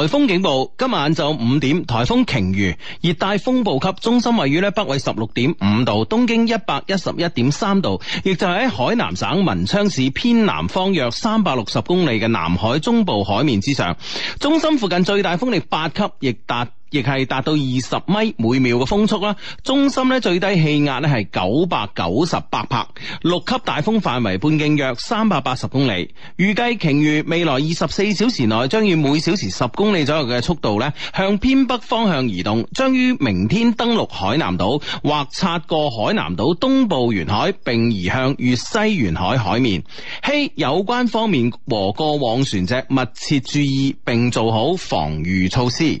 台風警報，今晚晏晝五點，台風鯨魚，熱帶風暴級，中心位於咧北緯十六點五度，東經一百一十一點三度，亦就係喺海南省文昌市偏南方約三百六十公里嘅南海中部海面之上，中心附近最大風力八級，亦達。亦係達到二十米每秒嘅風速啦，中心咧最低氣壓咧係九百九十八帕，六級大風範圍半徑約三百八十公里。預計鯨魚未來二十四小時內將以每小時十公里左右嘅速度咧向偏北方向移動，將於明天登陸海南島或擦過海南島東部沿海，並移向粵西沿海海，海面。希有關方面和過往船隻密切注意，並做好防禦措施。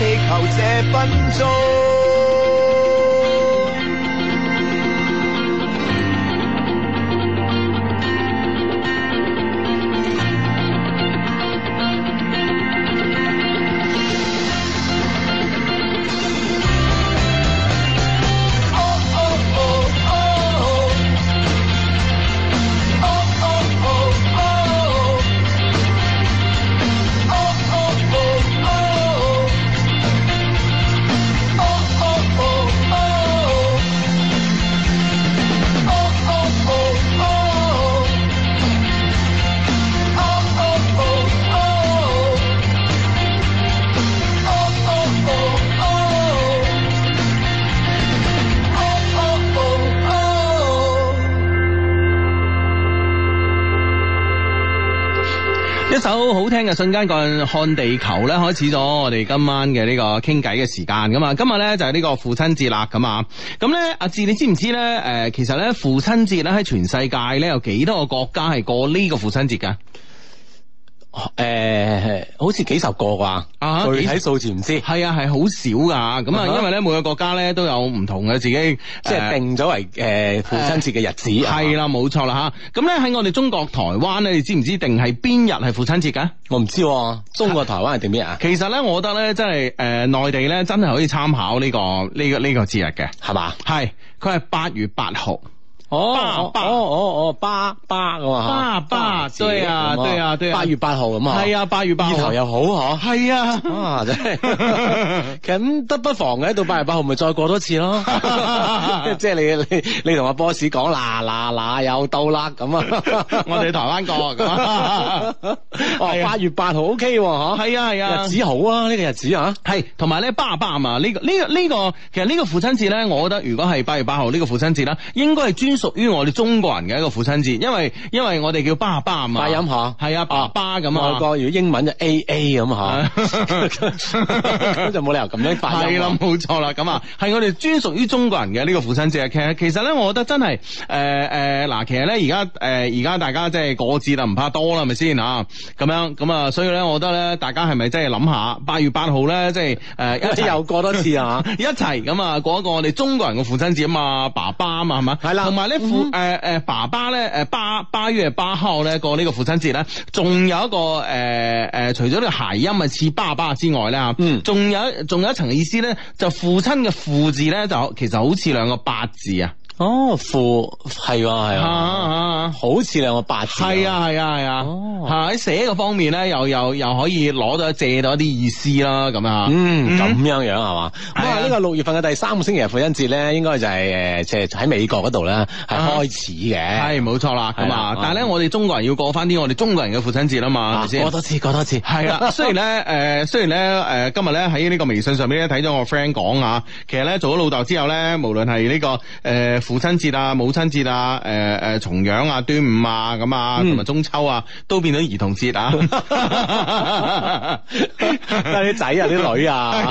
祈求這分鐘。一首好聽嘅瞬間個看地球咧，開始咗我哋今晚嘅呢個傾偈嘅時間噶嘛。今日咧就係呢個父親節啦，噶嘛。咁、啊、咧，阿志你知唔知咧？誒、呃，其實咧父親節咧喺全世界咧有幾多個國家係過呢個父親節噶？誒、呃，好似幾十個啩，具體數字唔知。係啊，係好少噶，咁啊，啊啊 uh huh. 因為咧每個國家咧都有唔同嘅自己，即係定咗為誒、呃、父親節嘅日子。係啦、啊，冇錯啦吓。咁咧喺我哋中國台灣咧，你知唔知定係邊日係父親節噶？我唔知、啊，中國台灣係定咩啊？其實咧，我覺得咧，呃、內真係誒內地咧，真係可以參考呢、這個呢、這個呢、這個節、這個、日嘅，係嘛吧？係，佢係八月八號。哦哦哦哦，八八咁啊，八八對啊對啊對八月八號咁啊，係啊八月八號，意頭又好嗬，係啊，真係，其實咁得不妨嘅，到八月八號咪再過多次咯，即係你你你同阿 boss 講嗱，嗱嗱又到啦咁啊，我哋去台灣過咁，哦八月八號 OK 喎吓，係啊係啊，日子好啊呢個日子啊，係同埋咧八八啊嘛呢個呢個呢個，其實呢個父親節咧，我覺得如果係八月八號呢個父親節啦，應該係專。屬於我哋中國人嘅一個父親節，因為因為我哋叫爸爸嘛，發音係吧啊，爸爸咁啊，吧外國如果英文就 A A 咁吓，咁 就冇理由咁樣發。係啦，冇錯啦，咁啊，係 我哋專屬於中國人嘅呢個父親節。其實其實咧，我覺得真係誒誒嗱，其實咧而家誒而家大家即係、呃、過節啦，唔怕多啦，係咪先吓？咁樣咁啊，所以咧，我覺得咧，大家係咪真係諗下八月八號咧，即係誒一齊又過多次啊， 一齊咁啊過一個我哋中國人嘅父親節啊嘛，爸爸啊嘛，係嘛？係啦， 誒誒爸爸咧誒八八月八號咧過呢個父親節咧，仲有一個誒誒、呃，除咗呢個諧音啊似爸爸之外咧吓，嗯，仲有仲有一層意思咧，就父親嘅父字咧就其實好似兩個八字啊。哦，父係喎係啊，好似兩個八字。係啊係啊係啊，嚇喺寫嘅方面咧，又又又可以攞到借到一啲意思咯，咁啊。嗯，咁樣樣係嘛？咁啊，呢個六月份嘅第三個星期父親節咧，應該就係誒，即係喺美國嗰度咧係開始嘅。係冇錯啦，係啊，但係咧，我哋中國人要過翻啲我哋中國人嘅父親節啊嘛，先？過多次過多次。係啦，雖然咧誒，雖然咧誒，今日咧喺呢個微信上邊咧睇咗我 friend 講啊，其實咧做咗老豆之後咧，無論係呢個誒。父親節啊、母親節啊、誒誒重陽啊、端午啊咁啊，同埋中秋啊，都變到兒童節啊，即係啲仔啊、啲女啊，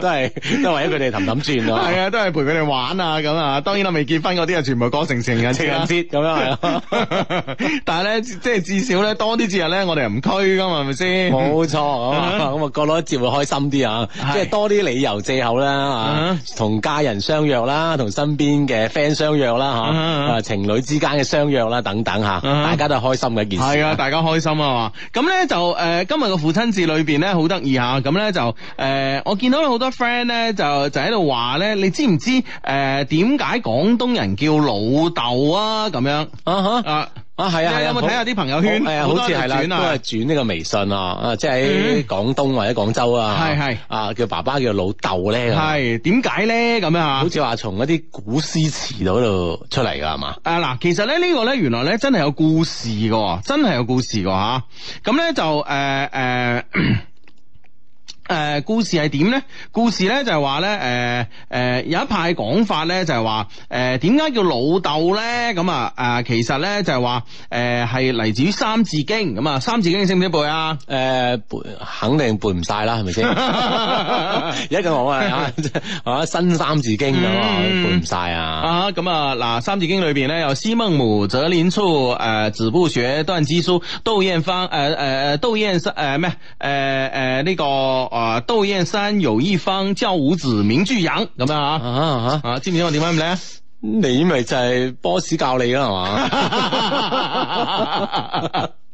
都係都為咗佢哋氹氹轉咯，係 啊，都係陪佢哋玩啊咁啊。當然啦，未結婚嗰啲啊，全部過成情人情人節咁樣係、啊、咯。 但係咧，即係至少咧，多啲節日咧，我哋又唔拘噶，係咪先？冇錯啊，咁啊，過多啲節日開心啲啊，即係是多啲理由借口啦，同、啊、家人相約啦，同身邊嘅。啊啊 friend 相約啦嚇，啊、uh huh. 情侶之間嘅相約啦，等等嚇，uh huh. 大家都開心嘅件事。係啊，大家開心啊嘛。咁咧就誒、呃，今日嘅父親節裏邊咧好得意嚇，咁咧就誒、呃，我見到好多 friend 咧就就喺度話咧，你知唔知誒點解廣東人叫老豆啊？咁樣啊嚇、uh huh. 啊！啊，係啊，啊有冇睇下啲朋友圈？係啊，啊，好似係啦，啊、都係轉呢個微信啊，啊、嗯，即係喺廣東或者廣州啊，係係，啊叫爸爸叫老豆咧，係點解咧？咁樣啊，好似話從一啲古詩詞度出嚟噶係嘛？誒嗱，其實咧呢個咧原來咧真係有故事噶，真係有故事噶吓，咁、啊、咧就誒誒。呃呃誒、呃，故事係點咧？故事咧就係話咧，誒、呃、誒、呃，有一派講法咧就係話，誒、呃，點解叫老豆咧？咁啊，誒、呃，其實咧就係話，誒、呃，係嚟自於《三字經》。咁啊，《三字經》你識唔識背啊？誒，背肯定背唔晒啦，係咪先？而家咁講啊，係新《三字經》咁啊，背唔晒啊。啊，咁啊，嗱，《三字經》裏邊咧有“昔孟母，擇鄰處”，誒，“子不學，斷機杼”。竇燕芳，誒誒都竇燕，誒咩？誒誒，呢個。啊！竇燕山有一方，教五子名俱揚，咁樣啊，知唔知我點解咁咧？你咪就係 boss 教你啊，係嘛。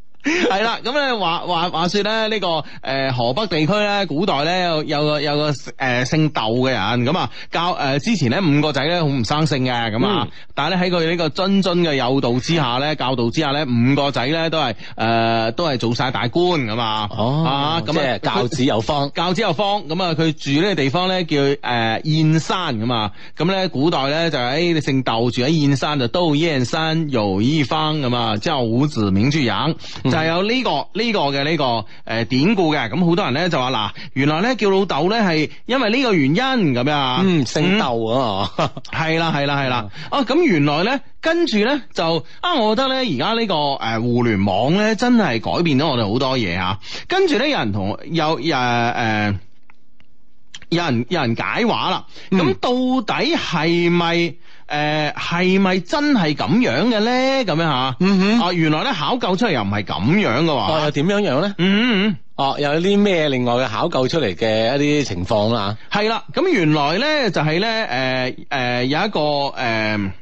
係 啦，咁咧話話話說咧呢、這個誒、呃、河北地區咧古代咧有有個有個誒姓竇嘅人咁啊教誒、呃、之前咧五個仔咧好唔生性嘅咁啊，但係咧喺佢呢個諄諄嘅誘導之下咧教導之下咧五個仔咧都係誒、呃、都係做晒大官咁、哦、啊，啊咁啊教子有方，教子有方咁啊佢住呢個地方咧叫誒、呃、燕山咁啊，咁、嗯、咧古代咧就係姓竇住喺燕山就竇燕山有一方咁啊教五子名俱揚。嗯就有呢、這個呢、這個嘅呢、這個誒、呃、典故嘅，咁好多人咧就話嗱，原來咧叫老豆咧係因為呢個原因咁樣，嗯，姓竇啊，係啦係啦係啦， 啊咁原來咧跟住咧就啊，我覺得咧而家呢、這個誒、呃、互聯網咧真係改變咗我哋好多嘢吓，跟住咧有人同有誒誒。有人有人解話啦，咁、嗯、到底係咪誒係咪真係咁樣嘅咧？咁樣吓，啊原來咧考究出嚟又唔係咁樣嘅喎，又點樣樣咧？嗯嗯嗯，哦有啲咩另外嘅考究出嚟嘅一啲情況啦，係啦、嗯哼，咁原來咧就係咧誒誒有一個誒。呃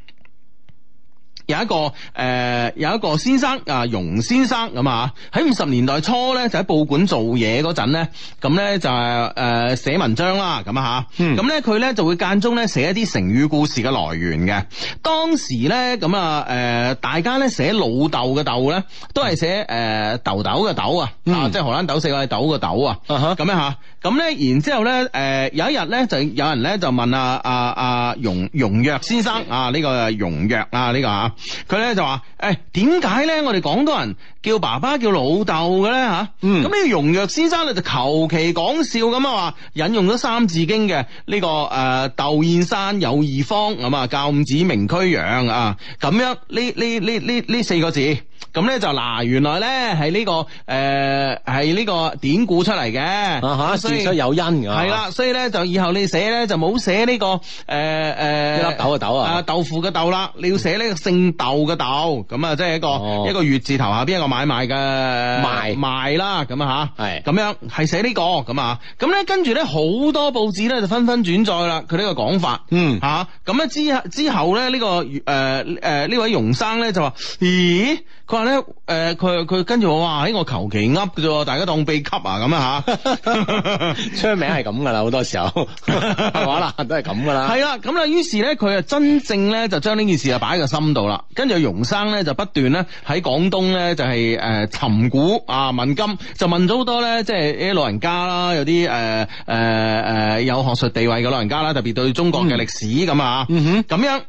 有一個誒、呃，有一個先生啊，容先生咁啊，喺五十年代初咧，就喺報館做嘢嗰陣咧，咁咧就係誒寫文章啦，咁吓，咁咧佢咧就會間中咧寫一啲成語故事嘅來源嘅。當時咧咁啊，誒、呃、大家咧寫老豆嘅豆咧，都係寫誒豆豆嘅豆啊，嗯、啊即係荷蘭豆、四季豆嘅豆啊，咁樣吓。咁咧然之後咧，誒有一日咧就有人咧就問阿阿阿容容若先生的啊，呢、呢個容若啊呢個啊。呢個啊佢咧就話，誒、欸，點解咧？我哋廣東人叫爸爸叫老豆嘅咧吓，咁呢個容若先生咧就求其講笑咁啊，引用咗《三字經、這個》嘅呢個誒，竇燕山有義方，咁啊教五子名俱揚啊，咁樣呢呢呢呢呢四個字。咁咧就嗱，原來咧係呢、這個誒係呢個典故出嚟嘅，嚇嚇、啊，事出有因嘅，係啦。所以咧就以後你寫咧就冇寫呢、這個誒誒、呃、粒豆嘅豆啊，豆腐嘅豆啦，你要寫呢個姓竇嘅豆，咁啊，即係一個、哦、一個月字頭下邊一個買賣嘅賣賣啦，咁啊吓，係咁、這個、樣係寫是的 呢個咁啊。咁咧跟住咧好多報紙咧就紛紛轉載啦，佢呢個講法，嗯嚇、啊。咁咧之之後咧呢個誒誒呢、呃呃、位容生咧就話咦？啊嗯嗯佢話咧，誒，佢、呃、佢跟住我，哇，呢個求其噏嘅啫，大家當秘笈啊，咁啊吓， 出名係咁噶啦，好多時候係話啦， 都係咁噶啦。係啦，咁啦，於是咧，佢啊真正咧就將呢件事啊擺喺個心度啦，跟住容生咧就不斷咧喺廣東咧就係誒尋古啊問今，就問咗好多咧，即係啲老人家啦，有啲誒誒誒有學術地位嘅老人家啦，特別對中國嘅歷史咁啊，咁、嗯、樣，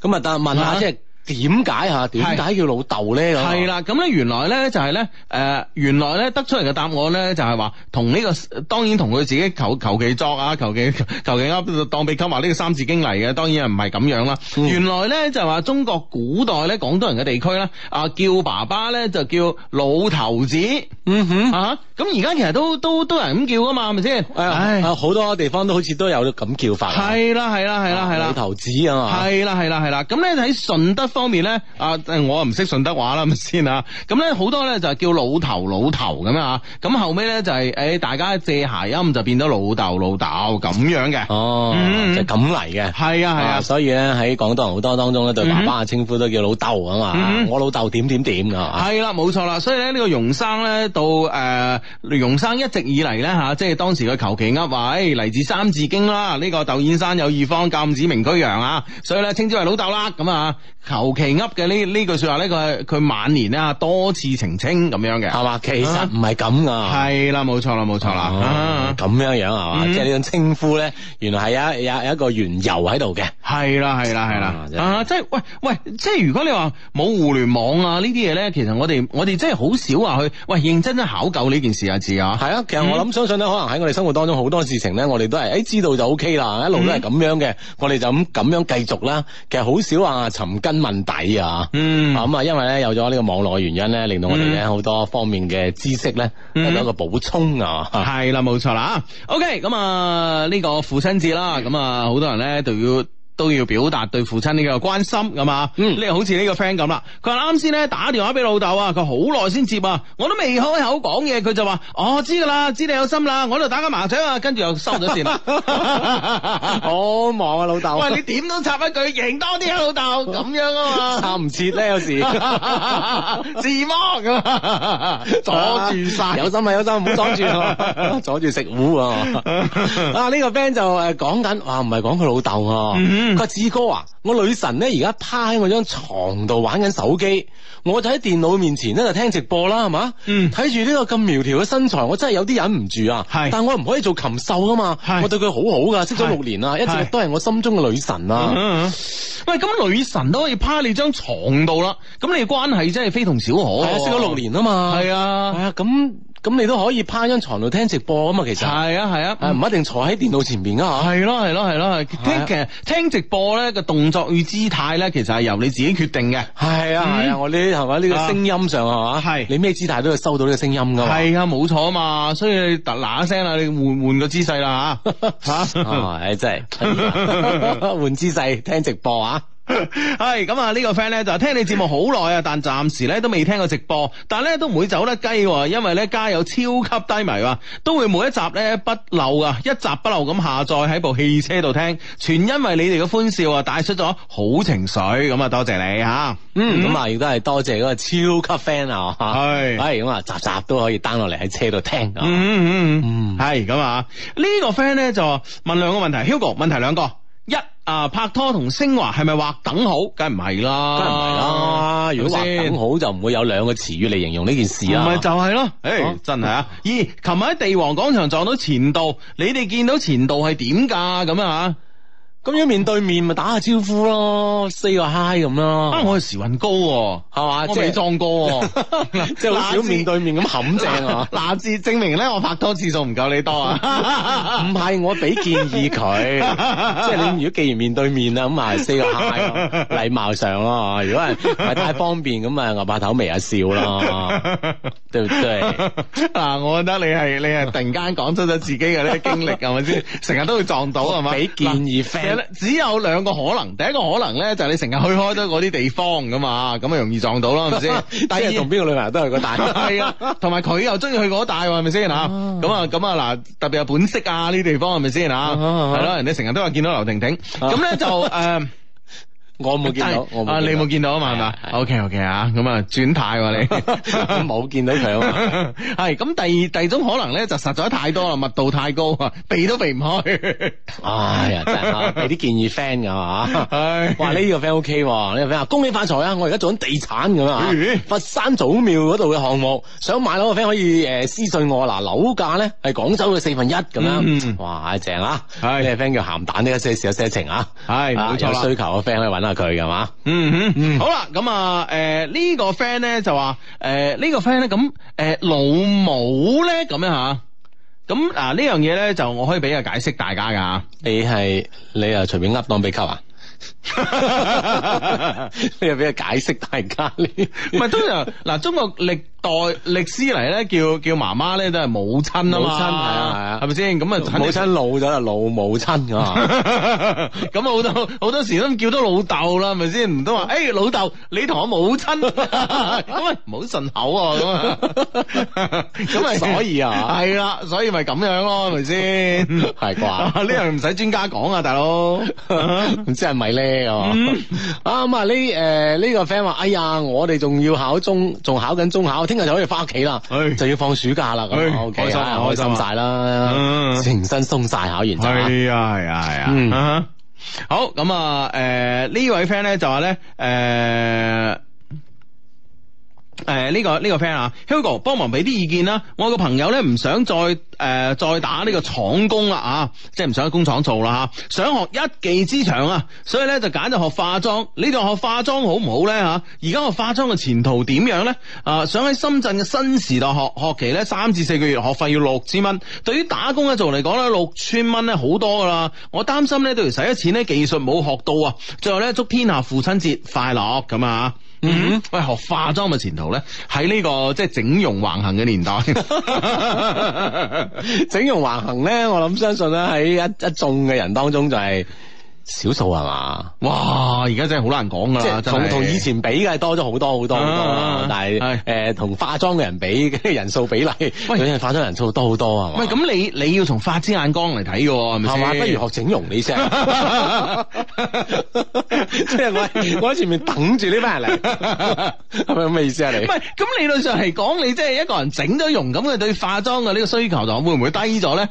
咁啊但問下即係。點解啊？點解叫老豆呢？係啦，咁咧原來咧就係咧誒，原來咧得出嚟嘅答案咧就係話，同呢個當然同佢自己求求其作啊，求其求其噏當俾溝話呢個《三字經》嚟嘅，當然係唔係咁樣啦。原來咧就係話中國古代咧廣東人嘅地區咧，啊叫爸爸咧就叫老頭子，嗯哼啊，咁而家其實都都都係咁叫噶嘛，係咪先？唉，好多地方都好似都有咁叫法。係啦係啦係啦係啦，老頭子啊嘛。係啦係啦係啦，咁咧就喺順德方面咧，啊，我啊唔識順德話啦，咪先啊。咁咧好多咧就係叫老頭老頭咁啊。咁後尾咧就係、是、誒，大家借諧音就變咗老豆老豆咁樣嘅。哦、啊，嗯、就咁嚟嘅。係啊係啊，所以咧喺廣東人好多當中咧，對爸爸嘅稱呼都叫老豆啊嘛。嗯、我老豆點點點噶。係啦、嗯，冇錯啦。所以咧呢個容生咧到誒、呃，容生一直以嚟咧吓，即、啊、係、就是、當時佢求其噏話，嚟、哎、自《三字經》啦，呢個竇燕山有義方，教五子名俱揚啊，所以咧稱之為老豆啦。咁啊求。啊啊啊無奇噏嘅呢呢句說話呢，佢佢晚年啊多次澄清咁樣嘅，係嘛？其實唔係咁啊，係啦，冇錯啦，冇錯啦，咁、啊、樣樣係嘛？嗯、即係呢種稱呼咧，原來係啊，有一個緣由喺度嘅，係啦係啦係啦，啊，即係喂喂，即係如果你話冇互聯網啊呢啲嘢咧，其實我哋我哋真係好少話去喂認真去考究呢件事啊字啊，係啊，其實我諗、嗯、相信咧，可能喺我哋生活當中好多事情咧，我哋都係誒知道就 OK 啦，一路都係咁樣嘅，我哋就咁咁樣繼、嗯、續啦。其實好少話尋根問。抵啊！嗯，咁啊，因為咧有咗呢個網絡嘅原因咧，令到我哋咧好多方面嘅知識咧得到一個補充啊！係啦，嗯，冇錯啦。OK，咁啊，呢個父親節啦，咁啊，好多人咧就要。都要表達對父親呢個關心㗎嘛，呢、嗯、好似呢個 friend 咁啦，佢話啱先咧打電話俾老豆啊，佢好耐先接啊，我都未開口講嘢，佢就話我知噶啦，知，知你有心啦，我喺度打緊麻雀啊，跟住又收咗線， 好忙啊老豆，喂你點都插一句，贏多啲啊老豆，咁樣啊嘛， 插唔切咧有時，自 摸忘啊， 阻住晒了、啊，有心係有心，唔好阻住， 阻住食糊啊， 啊呢、這個 friend 就誒講緊，哇唔係講佢老豆啊。嗯佢話、嗯、志哥啊，我女神咧而家趴喺我張床度玩緊手機，我就喺電腦面前咧就聽直播啦，係嘛？嗯，睇住呢個咁苗條嘅身材，我真係有啲忍唔住啊！係是，但我唔可以做禽獸啊嘛！係是，我對佢好好㗎，識咗六年啦，是一直都係我心中嘅女神啊！啊喂，咁女神都可以趴你張床度啦，咁你關係真係非同小可喎！係啊，識咗六年啊嘛！係啊，係啊，咁。咁你都可以趴張床度聽直播噶嘛，其實係啊係啊，唔一定坐喺電腦前面啊。吓。係咯係咯係咯，聽其實聽直播咧嘅動作與姿態咧，其實係由你自己決定嘅。係啊係啊，我呢係嘛呢個聲音上係嘛，你咩姿態都會收到呢個聲音噶嘛。係啊，冇錯啊嘛，所以你嗱一聲啊，你換換個姿勢啦吓吓。哦，誒真係換姿勢聽直播啊！係咁啊！呢、 這個 friend 咧就聽你節目好耐啊，但暫時咧都未聽過直播，但咧都唔會走得雞，因為咧家有超級低迷啊，都會每一集咧不漏啊，一集不漏咁下載喺部汽車度聽，全因為你哋嘅歡笑啊，帶出咗好情緒，咁啊多謝你吓，嗯，咁啊亦都係多謝嗰個超級 friend 啊，係、嗯，係咁啊集集都可以 down 落嚟喺車度聽，嗯嗯嗯，係咁啊！呢、嗯這個 friend 咧就問兩個問題，Hugo 問題兩個。一啊拍拖同升華係咪畫等號？梗係唔係啦，梗係唔係啦。啊、如果畫等號就唔會有兩個詞語嚟形容呢件事啦。唔係就係咯，誒真係啊！二琴日喺地王廣場撞到前度，你哋見到前度係點噶？咁啊吓。咁樣面對面咪打下招呼咯，四個 hi 咁咯。我嘅時運高喎，係嘛？我未撞過，即係好少面對面咁冚正。嗱，至證明咧，我拍拖次數唔夠你多啊。唔係我俾建議佢，即係你如果既然面對面啦，咁啊四個 hi，禮貌上咯。如果係太方便咁啊，握把手眉啊笑咯，對唔對？嗱，我覺得你係你係突然間講出咗自己嘅呢啲經歷，係咪先？成日都會撞到係咪？俾建議只有兩個可能，第一個可能咧就係你成日去開咗嗰啲地方噶嘛，咁啊容易撞到啦，係咪先？第二同邊個女埋都係個大，係啊， 同埋佢又中意去嗰帶喎，係咪先啊？咁啊咁啊嗱，特別有本色啊呢啲地方係咪先啊？係咯， 人哋成日都話見到劉婷婷，咁咧 就誒。呃我冇見到，啊你冇見到啊嘛係嘛？OK OK 啊，咁啊轉態喎你，冇見到相係咁。第二第二種可能咧，就實在太多啦，密度太高啊，避都避唔開。哎呀真係俾啲建議 friend 噶嘛，話呢個 friend OK，呢個 friend 恭喜發財啊！我而家做緊地產咁樣啊，佛山祖廟嗰度嘅項目，想買樓嘅 friend 可以誒私信我嗱，樓價咧係廣州嘅四分一咁樣。哇，正啊！呢個 friend 叫咸蛋，呢個 f r 有些情啊，係冇錯需求嘅 friend 可搵啦。佢㗎嘛，嗯嗯，好啦，咁、呃這個呃這個呃、啊，誒呢個 friend 咧就話，誒呢個 friend 咧咁，誒老母咧咁樣吓，咁啊呢樣嘢咧就我可以俾個解釋大家㗎，你係你啊隨便噏當秘笈啊？ 你又俾佢解釋大家呢？唔係通常嗱，中國歷代歷史嚟咧，叫叫媽媽咧都係母親啊嘛，係啊係啊，係咪先？咁啊吧，母親老咗就老母親啊。咁 好多好多時都叫到老豆啦，係咪先？唔通話誒，老豆你同我母親咁 啊，唔好順口啊咁啊。咁咪？所以啊，係啦，所以咪咁樣咯，係咪先？係啩？呢樣唔使專家講啊，大佬唔 知係咪。咧哦，嗯、 啊咁啊呢誒呢個 friend 話，哎呀，我哋仲要考中，仲考緊中考，聽日就可以返屋企啦，哎、就要放暑假啦，哎、okay, 開心、哎、呀開心晒啦，成身鬆晒，嗯、考完真係，係啊係啊係啊，嗯嗯、好咁啊誒呢位 friend 咧就話咧誒。呃誒，呢、呃這個呢、這個 friend 啊，Hugo，幫忙俾啲意見啦、啊。我個朋友呢，唔想再誒、呃、再打呢個廠工啦啊，即係唔想喺工廠做啦吓、啊，想學一技之長啊，所以呢，就揀咗學化妝。呢度學化妝好唔好呢？吓、啊？而家學化妝嘅前途點樣呢？啊，想喺深圳嘅新時代學學期呢三至四個月，學費要六千蚊。對於打工一族嚟講呢，六千蚊呢好多噶啦。我擔心呢，對於使咗錢呢，技術冇學到啊。最後呢，祝天下父親節快樂咁啊！嗯，喂，學化妝嘅前途咧，喺呢個即係整容橫行嘅年代 整容橫行咧，我諗相信咧喺一一眾嘅人當中就係。少數係嘛？哇！而家真係好難講噶，同同是以前比嘅係多咗好多好多，啊、但係誒同化妝嘅人比嘅人數比例，喂，化妝人數多好多啊？唔係咁，你你要從化之眼光嚟睇嘅係咪不如學整容你先，即係 我我喺前面等住呢班人嚟，係咪咁咩意思啊？你唔係咁理論上嚟講，你即係一個人整咗容咁嘅、這個、對化妝嘅呢個需求就會唔會低咗咧？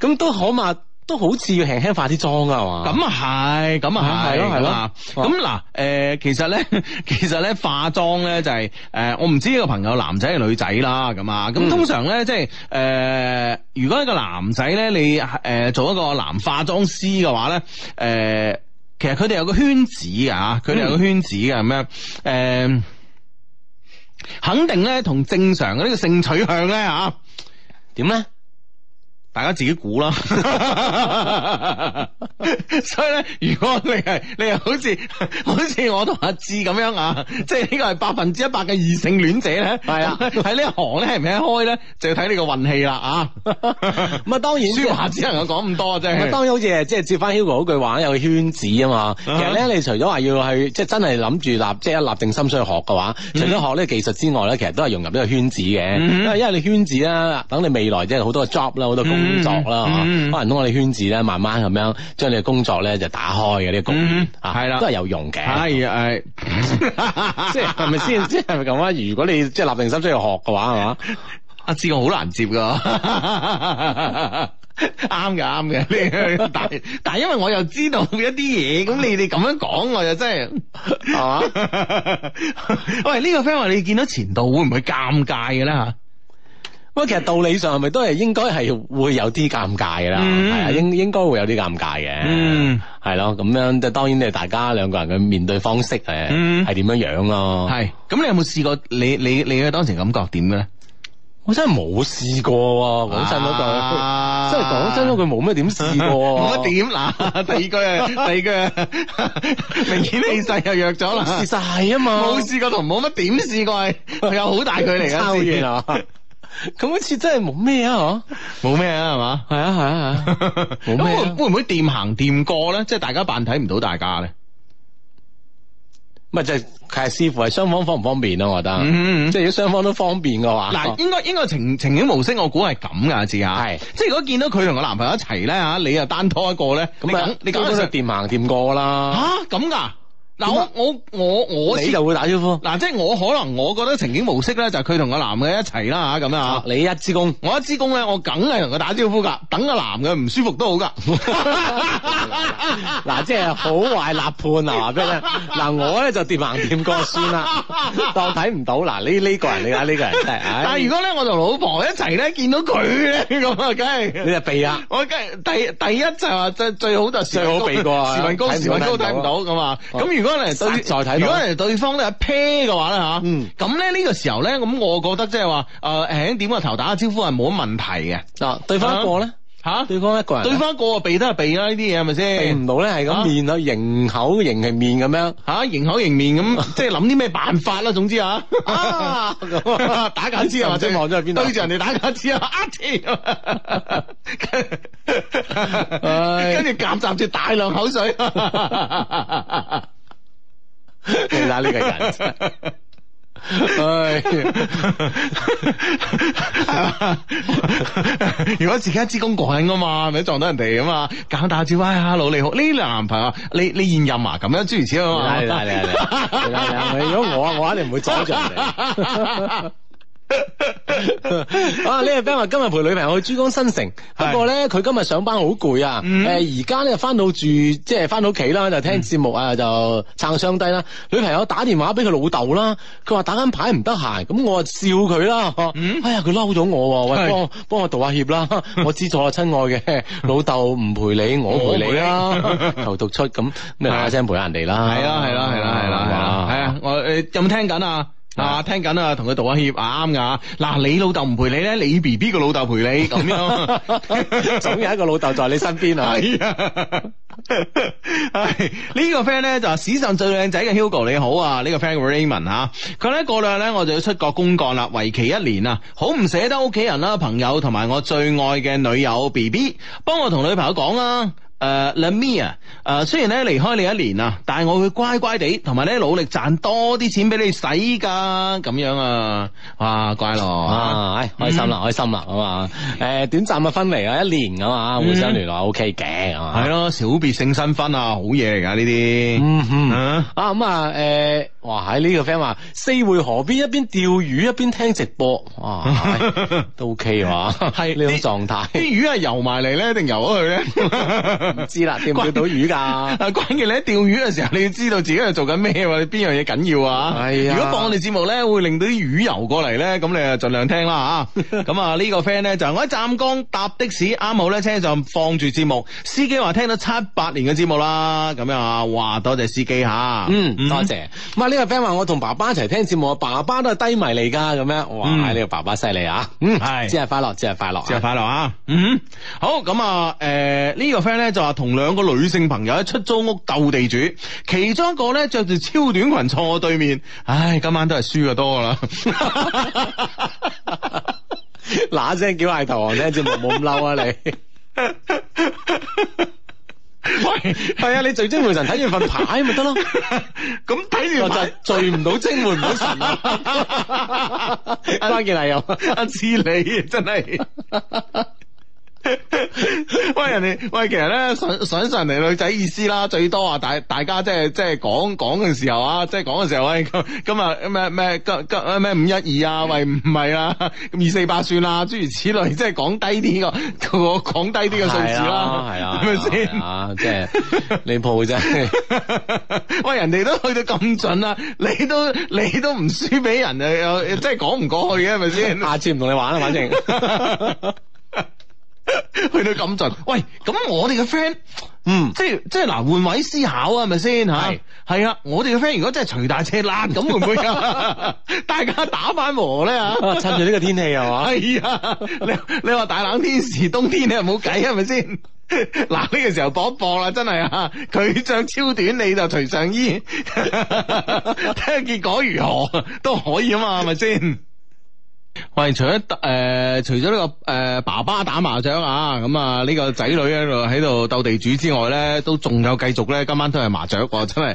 咁都可嘛？都好似要輕輕化啲妝啊嘛！咁啊係，咁啊係，係咯係咯。咁嗱，誒的、嗯呃，其實咧，其實咧化妝咧就係、是，誒、呃，我唔知呢個朋友男仔定女仔啦，咁啊，咁、嗯、通常咧即係，誒、就是呃，如果一個男仔咧，你誒、呃、做一個男化妝師嘅話咧，誒、呃，其實佢哋有個圈子嘅，佢哋有個圈子嘅咁、嗯、樣，誒、呃，肯定咧同正常嘅呢個性取向咧吓，點、啊、咧？大家自己估啦，所以咧，如果你係你又好似好似我同阿志咁樣啊，即係呢個係百分之一百嘅異性戀者咧。係啊， 喺呢行咧係唔係一開咧，就要睇你個運氣啦啊。咁啊，當然，書華舒 只能夠講咁多啫。 當然好似即係接翻 Hugo 嗰句話，有個圈子啊嘛。其實咧，啊、你除咗話要係即係真係諗住立即一立定心水去學嘅話，嗯、除咗學呢個技術之外咧，其實都係融入呢個圈子嘅。嗯嗯，因為你圈子啦，等你未來即係好多 job 啦，好多嗯嗯、慢慢工作啦，可能通過你圈子咧，慢慢咁樣將你嘅工作咧就打開嘅呢個公園，係啦，嗯、都係有用嘅。係誒，即係咪先？即係咪咁啊？如果你即係、就是、立定心出去學嘅話，係、啊、嘛？阿志我好難接噶 啱嘅啱嘅。但但因為我又知道一啲嘢，咁你哋咁樣講，我就真係係嘛？喂 確，呢個 friend 話你見到前度會唔會尷尬嘅咧吓？不過，其實道理上係咪都係應該係會有啲尷尬啦？係啊，應應該會有啲尷尬嘅。嗯，係咯，咁樣即當然咧，大家兩個人嘅面對方式誒，係點樣樣咯？係，咁你有冇試過？你你你嘅當時感覺點嘅咧？我真係冇試過喎，講真嗰句，真係講真嗰句冇乜點試過，冇乜點？嗱，第二句啊，第二句明顯氣勢又弱咗啦，試晒係啊嘛，冇試過同冇乜點試過係，有好大距離嘅。拋啊！咁好似真係冇咩啊冇咩啊係嘛，係啊係啊係啊，冇咩、啊。會唔會掂行掂過咧？即係大家扮睇唔到大家咧。唔係、嗯嗯嗯、即係佢係視乎係雙方方唔方便咯、啊。我覺得，嗯嗯即係如果雙方都方便嘅話，嗱、嗯，應該應該情情景模式我、啊，我估係咁噶字吓。係，即係如果見到佢同個男朋友一齊咧吓，你又單拖一個咧，咁啊，你咁就掂行掂過啦。吓咁噶？嗱我我我我就會打招呼。嗱即係我可能我覺得情景模式咧就係佢同個男嘅一齊啦吓咁啊。你一支公，我一支公咧，我梗係同佢打招呼噶。等個男嘅唔舒服都好噶。嗱即係好壞立判啊嘛，話俾你聽嗱我咧就掂行掂過先啦，當睇唔到嗱呢呢個人你睇呢個人但係如果咧我同老婆一齊咧見到佢咧咁啊，梗係你就避啊。我梗係第第一就係最好就係視頻高，視頻高視頻高睇唔到咁啊。咁如果嚟對再睇，如果嚟對方咧 pair 嘅話咧吓，咁咧呢個時候咧，咁我覺得即係話誒，輕點個頭打個招呼係冇乜問題嘅。嗱，對方一個咧吓，對方一個人，對方一個避都係避啦，呢啲嘢係咪先？避唔到咧，係咁面啊，形口形係面咁樣吓，形口形面咁，即係諗啲咩辦法啦？總之啊，打乞嗤啊，或者望咗喺邊度，對住人哋打乞嗤啊，跟住夾雜住大量口水。你嗱，呢個人，唉， 是吧 如果自己一支公過人噶嘛，咪撞到人哋啊嘛，打招呼啊，努你好呢男朋友，你你現任啊咁樣諸如此類啊嘛，如果我我一定唔會阻住人哋。 啊！呢位 friend 話今日陪女朋友去珠江新城，不過咧佢今日上班好攰啊。誒，而家咧翻到住，即係翻到屋企啦，就聽節目啊，就撐上低啦。女朋友打電話俾佢老豆啦，佢話打緊牌唔得閒，咁我啊笑佢啦。哎呀，佢嬲咗我，喂，幫幫我道下歉啦。我知錯啊，親愛嘅老豆唔陪你，我陪你啦。求獨出咁，阿生陪下人哋啦。係啦，係啦，係啦，係啦，係啦。係啊，我誒有冇聽緊啊？啊，聽緊啊，同佢道下歉，啱、啊、噶。嗱、啊啊，你老豆唔陪你咧，你 B B 個老豆陪你，咁 樣 總有一個老豆在你身邊 是啊。係， 這個、呢個 friend 咧就係、是、史上最靚仔嘅 Hugo，你好啊，呢、這個 friend Raymond 佢、啊、咧過兩日咧，我就要出國公幹啦，為期一年啊，好唔捨得屋企人啦，朋友同埋我最愛嘅女友 B B，幫我同女朋友講啦、啊。誒 l a m i a 誒，uh, Mia, uh, 雖然咧離開你一年啊，但係我會乖乖地同埋咧努力賺多啲錢俾你使噶，咁樣啊，哇，乖咯，啊，啊唉開，開心啦，開心啦，啊嘛，誒，短暫嘅分離啊，一年咁啊，互相聯絡 O K 嘅，係咯、嗯，小別性新婚啊，好嘢噶呢啲，嗯哼，啊，咁啊，誒。啊哇！喺、這、呢個 friend 話四會河邊一邊釣魚一邊聽直播，哇，哎、都 OK 喎，係 是呢種狀態。啲魚係游埋嚟咧，定游咗去咧？唔知啦，釣唔釣到魚㗎？啊， 關鍵你喺釣魚嘅時候，你要知道自己係做緊咩喎？你邊樣嘢緊要啊？哎、呀如果放我哋節目咧，會令到啲魚游過嚟咧，咁你啊，盡量聽啦嚇。咁啊，呢個 friend 咧就我喺湛江搭的士，啱好咧車上放住節目，司機話聽到七八年嘅節目啦。咁樣啊，哇！多謝司機吓，嗯，多謝。 呢個 friend 話我同爸爸一齊聽節目，爸爸都係低迷嚟噶，咁樣哇，呢、嗯、個爸爸犀利啊！嗯，係，節日快樂，節日快樂，啊，節日快樂啊！嗯，好，咁啊，誒、呃，這個、呢個 friend 咧就話同兩個女性朋友喺出租屋鬥地主，其中一個咧着住超短裙坐我對面，唉，今晚都係輸嘅多啦，嗱 聲 叫嗌頭王聽節目冇咁嬲啊你。 喂，係 啊！你聚精會神睇住份牌咪得咯，咁睇 完 就聚唔到精， 會唔到神，關鍵係又知你，真係。 喂，人哋喂，其實咧，想想上嚟女仔意思啦，最多啊大大家即係即係講講嘅時候啊，即係講嘅時候喂，今日咩咩咩五一二啊，喂唔係啊，二四八算啦，諸如此類，即係講低啲個，我講低啲個數字啦，係啊，係咪先啊？即係你鋪啫， 喂人哋都去到咁準啦，啊，你都你都唔輸俾人，就是，啊，又即係講唔過去嘅係咪先？下次唔同你玩啦，反正。 去到咁盡，喂，咁我哋嘅 friend，嗯，即係即係嗱，換位思考是是是啊，係咪先吓？係啊，我哋嘅 friend 如果真係除大赤辣，咁會唔會啊？ 大家打返和咧啊？趁住呢個天氣係嘛？係 啊， 你你話大冷天時，冬天你又冇計 啊，係咪先？嗱呢個時候搏一搏啦，真係啊！佢着超短，你就除上衣，睇 下結果如何都可以啊嘛，係咪先？喂，除咗誒，除咗呢個誒，爸爸打麻雀啊，咁啊呢個仔女喺度喺度鬥地主之外咧，都仲有繼續咧，今晚都係麻雀，真係。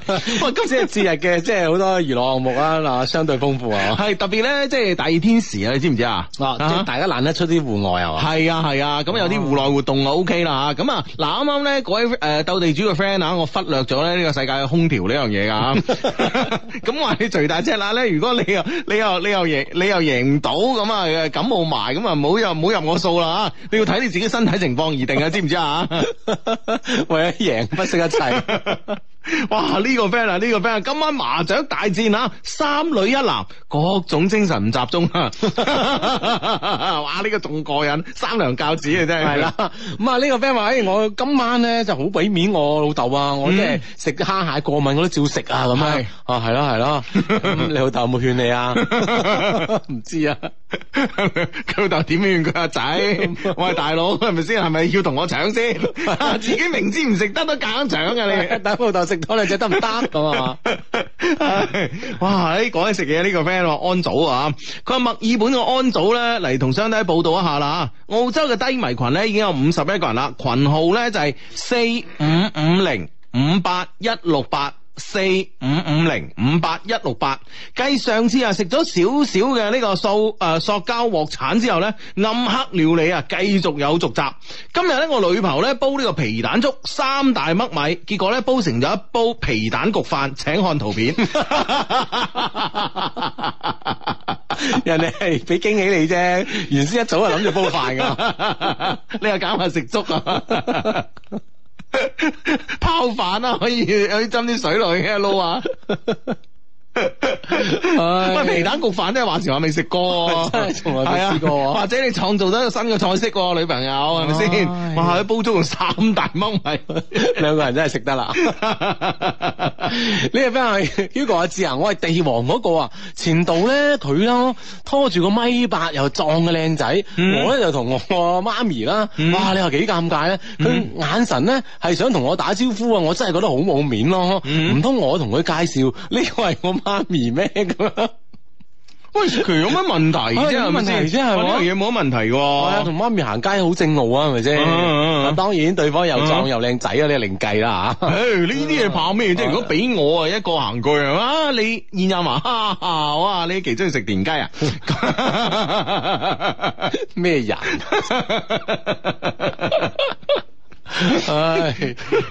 今次係節日嘅，即係好多娛樂項目啊，嗱，相對豐富啊。係特別咧，即係大熱天時啊，你知唔知啊？嗱，大家懶得出啲戶外啊。係啊係啊，咁有啲戶內活動啊 OK 啦。咁啊，嗱啱啱咧嗰位誒鬥地主嘅 friend 啊，我忽略咗咧呢個世界嘅空調呢樣嘢啊。咁話你最大隻啦，咧如果你又你又你又贏你又贏唔到。咁啊，感冒埋咁啊，唔好入唔好入我數啦吓，你要睇你自己身體情況而定啊 知知啊，知唔知啊？為咗贏不惜一切。 哇！呢、這個 friend 啊，呢、這個 friend 啊，今晚麻雀大戰啊，三女一男，各種精神唔集中啊！ 哇！呢、這個仲過癮，三娘教子啊，嗯、真係係啦。咁、嗯嗯、啊，呢個 friend 話：哎，我今晚咧就好俾面我老豆啊，我即係食蝦蟹過敏，我都照食啊。咁樣是啊，係咯係咯，你老豆有冇勸你啊？唔 知啊，佢 老豆點勸佢阿仔？ 喂，大佬係咪先？係咪要同我搶先？ 自己明知唔食得都夾硬搶啊！你等老豆。食多兩隻得唔得咁啊？哇！喺講起食嘢，呢個 friend 話安祖啊，佢話墨爾本個安祖咧嚟同兄弟報道一下啦。澳洲嘅低迷群咧已經有五十一個人啦，群號咧就係四五五零五八一六八。四五五零五八一六八，繼上次啊食咗少少嘅呢個塑誒塑膠鍋鏟之後咧，暗黑料理啊繼續有續集。今日咧我女朋友咧煲呢個皮蛋粥，三大麥米，結果咧煲成咗一煲皮蛋焗飯。請看圖片， 人哋係俾驚喜你啫。原先一早就諗住煲飯㗎，你又搞埋食粥啊！ 泡飯啊，可以可以斟啲水落去嘅撈啊！ 咪皮蛋焗飯都係話時話未食過，真係從來未試過喎。或者你創造咗一個新嘅菜式喎，女朋友係咪先？哇！煲粥用三大包米，兩個人真係食得啦。呢個邊係 Hugo 阿志啊？我係地王嗰個啊。前度咧，佢咧拖住個米八又壯嘅靚仔，我咧就同我媽咪啦。哇！你話幾尷尬咧？佢眼神咧係想同我打招呼啊！我真係覺得好冇面咯。唔通我同佢介紹呢個係我媽咪咩咁喂，其實有乜問題啫？冇、哎、問題啫、就是，係嘛、啊？嘢冇、啊、乜問題噶，係啊、哎，同媽咪行街好正路是是啊，係咪先？啊，當然對方又壯、啊、又靚仔、哎哎、啊，你另計啦吓。呢啲嘢怕咩啫？如果俾我啊，一個行過啊，你燕阿哈哇，你其中意食田雞啊？咩人？唉、 哎，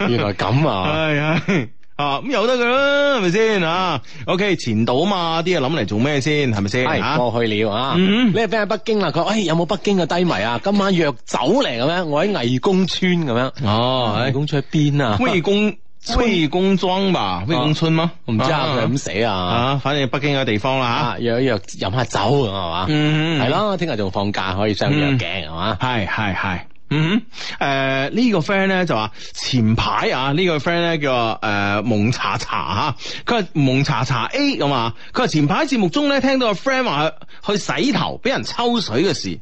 原來咁啊！哎哎啊咁又得噶啦，係咪先啊？OK，前度啊嘛，啲嘢諗嚟做咩先？係咪先？係過去了啊。嗯嗯。你係翻喺北京啦、啊？佢話，哎，有冇北京嘅低迷啊？今晚約酒嚟咁咩？我喺魏公村咁樣。哦，魏公村喺邊啊？魏公，魏公莊春吧？魏公村我唔知啊，佢咁、啊、死啊。啊，反正北京嘅地方啦、啊啊，約一約飲下酒係嘛。嗯嗯。係咯，聽日仲放假，可以雙人鏡係嘛？係係係。嗯嗯，誒、呃、呢、這個 friend 咧就話前排啊呢、這個 friend 咧叫誒、呃、蒙查查吓，佢係蒙查查 A 咁啊，佢話前排節目中咧聽到個 friend 話去，去洗頭俾人抽水嘅事。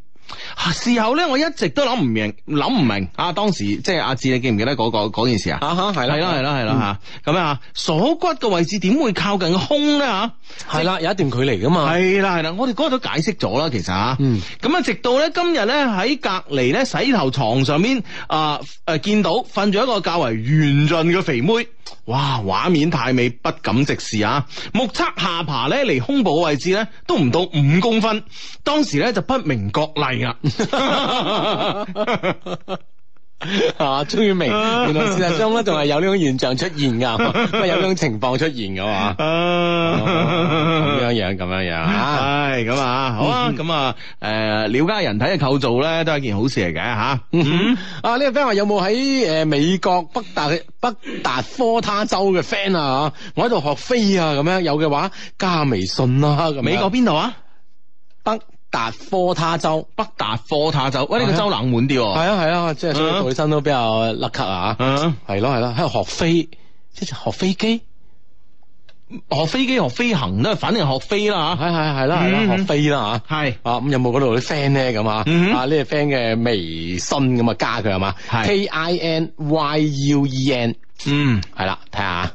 啊、事後咧，我一直都諗唔明，諗唔明啊！當時即係阿志，啊、智你記唔記得嗰、嗰個件事啊？啊哈，係啦係啦係啦係啦吓，咁啊，鎖骨嘅位置點會靠近胸咧吓？係啦、嗯，有一段距離噶嘛？係啦係啦，我哋嗰度都解釋咗啦，其實吓，咁啊，嗯、直到咧今日咧喺隔籬咧洗頭床上面啊誒見到瞓咗一個較為圓潤嘅肥妹，哇！畫面太美，不敢直視啊！目測下巴咧離胸部位置咧都唔到五公分，當時咧就不明覺厲。啊！終於明，原來事實中咧仲係有呢種現象出現噶，有呢種情況出現噶嘛？咁樣樣，咁樣樣啊！係咁啊，好啊！咁啊，誒，了解人體嘅構造咧都係一件好事嚟嘅吓。啊，呢個 friend 話有冇喺誒美國北達北達科他州嘅 friend 啊？我喺度學飛啊，咁樣有嘅話加下微信啦。美國邊度啊？達科他州，北達科他州，喂呢個州冷門啲喎，係啊係啊，即係做起身都比較甩咳啊吓，係咯係咯，喺度學飛，即係學飛機，學飛機學飛行都係，反正學飛啦吓，係係係啦係啦，學飛啦吓，係，啊咁有冇嗰度啲 friend 咧咁啊？啊呢個 friend 嘅微信咁啊加佢係嘛？K I N Y U E N，嗯係啦，睇下。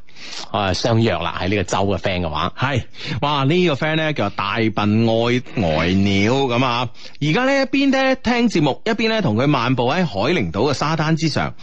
我相約啦，喺呢個州嘅 friend 嘅話係，哇呢個 friend 呢，叫大笨愛呆鳥咁啊！而家呢一邊咧聽節目，一邊呢同佢漫步喺海陵島嘅沙灘之上。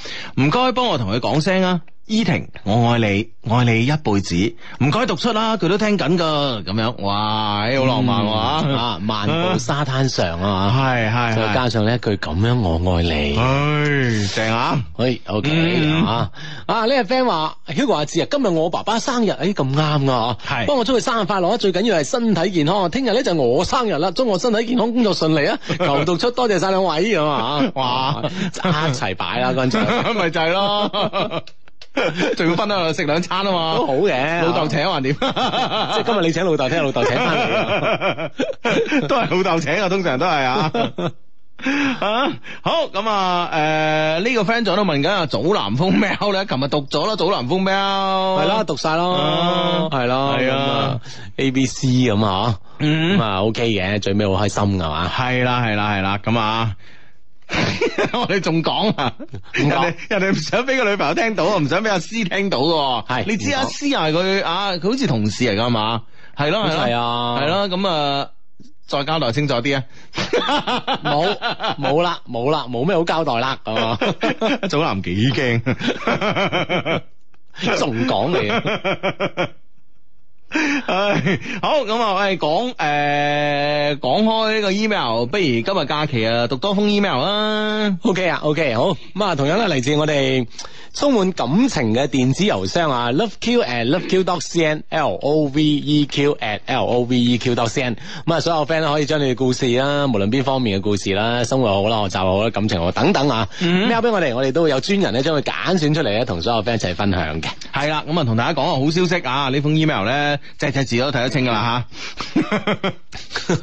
唔該，幫我同佢講聲啊！伊婷，我愛你，愛你一輩子，唔該讀出啦，佢都聽緊噶，咁樣，哇，好浪漫喎，漫步沙灘上啊，係係，再加上呢一句咁樣，我愛你，正啊，哎，OK 啊，啊呢個 friend 話，Hugo 話知啊，今日我爸爸生日，哎咁啱啊！吓，係，幫我祝佢生日快樂啊，最緊要係身體健康，聽日咧就我生日啦，祝我身體健康，工作順利啊，求讀出，多謝晒兩位咁啊，哇，一齊擺啊，嗰陣咪就係咯。仲要分啊食兩餐啊嘛，都好嘅，老豆請還點？即係今日你請老豆請，老豆請翻嚟，都係老豆請啊，通常都係啊。啊，好咁啊，誒呢個 friend 仲都問緊啊，早藍風喵咧，琴日讀咗啦，早藍風喵係啦，讀晒咯，係咯，係啊，A B C 咁啊。咁啊 O K 嘅，最尾好開心噶嘛，係啦係啦係啦，咁啊。 我哋仲講啊，人哋人哋唔想俾個女朋友聽到，唔想俾阿師聽到嘅，係是你知阿師係佢啊，佢好似同事嚟噶嘛。係咯係啊，係咯咁啊，再交代清楚啲啊，冇冇啦冇啦，冇咩好交代啦，啊， 祖藍幾驚，仲 講 說你。 唉、 哎，好咁啊！我哋講誒，講、呃、開呢個 email，不如今日假期啊，讀多封 email 啦。O K 啊，O K，好咁啊，同樣咧嚟自我哋。充滿感情嘅電子郵箱啊，loveq at loveq dot cn，l o v e q at l o v e q dot cn。咁啊，所有 friend 都可以將你嘅故事啦，無論邊方面嘅故事啦，生活好啦，學習好啦，感情好等等，嗯、啊。咁交俾我哋，我哋都會有專人咧將佢揀選出嚟咧，同所有 friend 一齊分享嘅。係啦，咁啊，同大家講個好消息啊，呢封 email 咧，只只字都睇得清噶啦吓，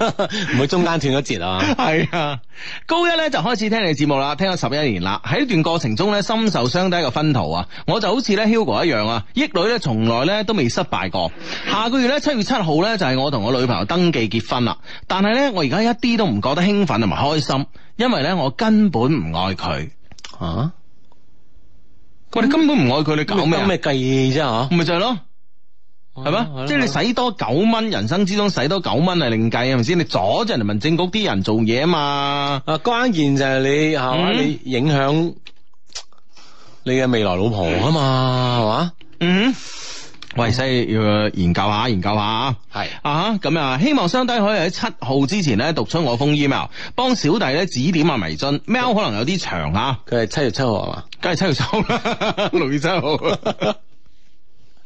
唔 會中間斷咗節啊。係 啊，高一咧就開始聽你節目啦，聽咗十一年啦。喺呢段過程中咧，深受傷低一個分。啊，我就好似咧 Hugo 一樣啊，益女咧從來咧都未失敗過。下個月咧七月七號咧就係、是、我同我女朋友登記結婚啦。但係咧我而家一啲都唔覺得興奮同埋開心，因為咧我根本唔愛佢啊！喂，你根本唔愛佢，你搞咩計啫？吓，咪就係咯，係咪嗎？即係你使多九蚊，人生之中使多九蚊係另計係咪先？你阻住人民政局啲人做嘢啊嘛！啊，關鍵就係你係嘛，你影響。你嘅未來老婆啊嘛，係嘛？嗯，吧喂，西，要、呃、研究下，研究下係的啊，咁啊，希望相低可以喺七號之前咧讀出我封 email，幫小弟咧指點啊迷津。喵、嗯，可能有啲長啊，佢係七月七號係嘛？梗係七月七號啦，六 月七號。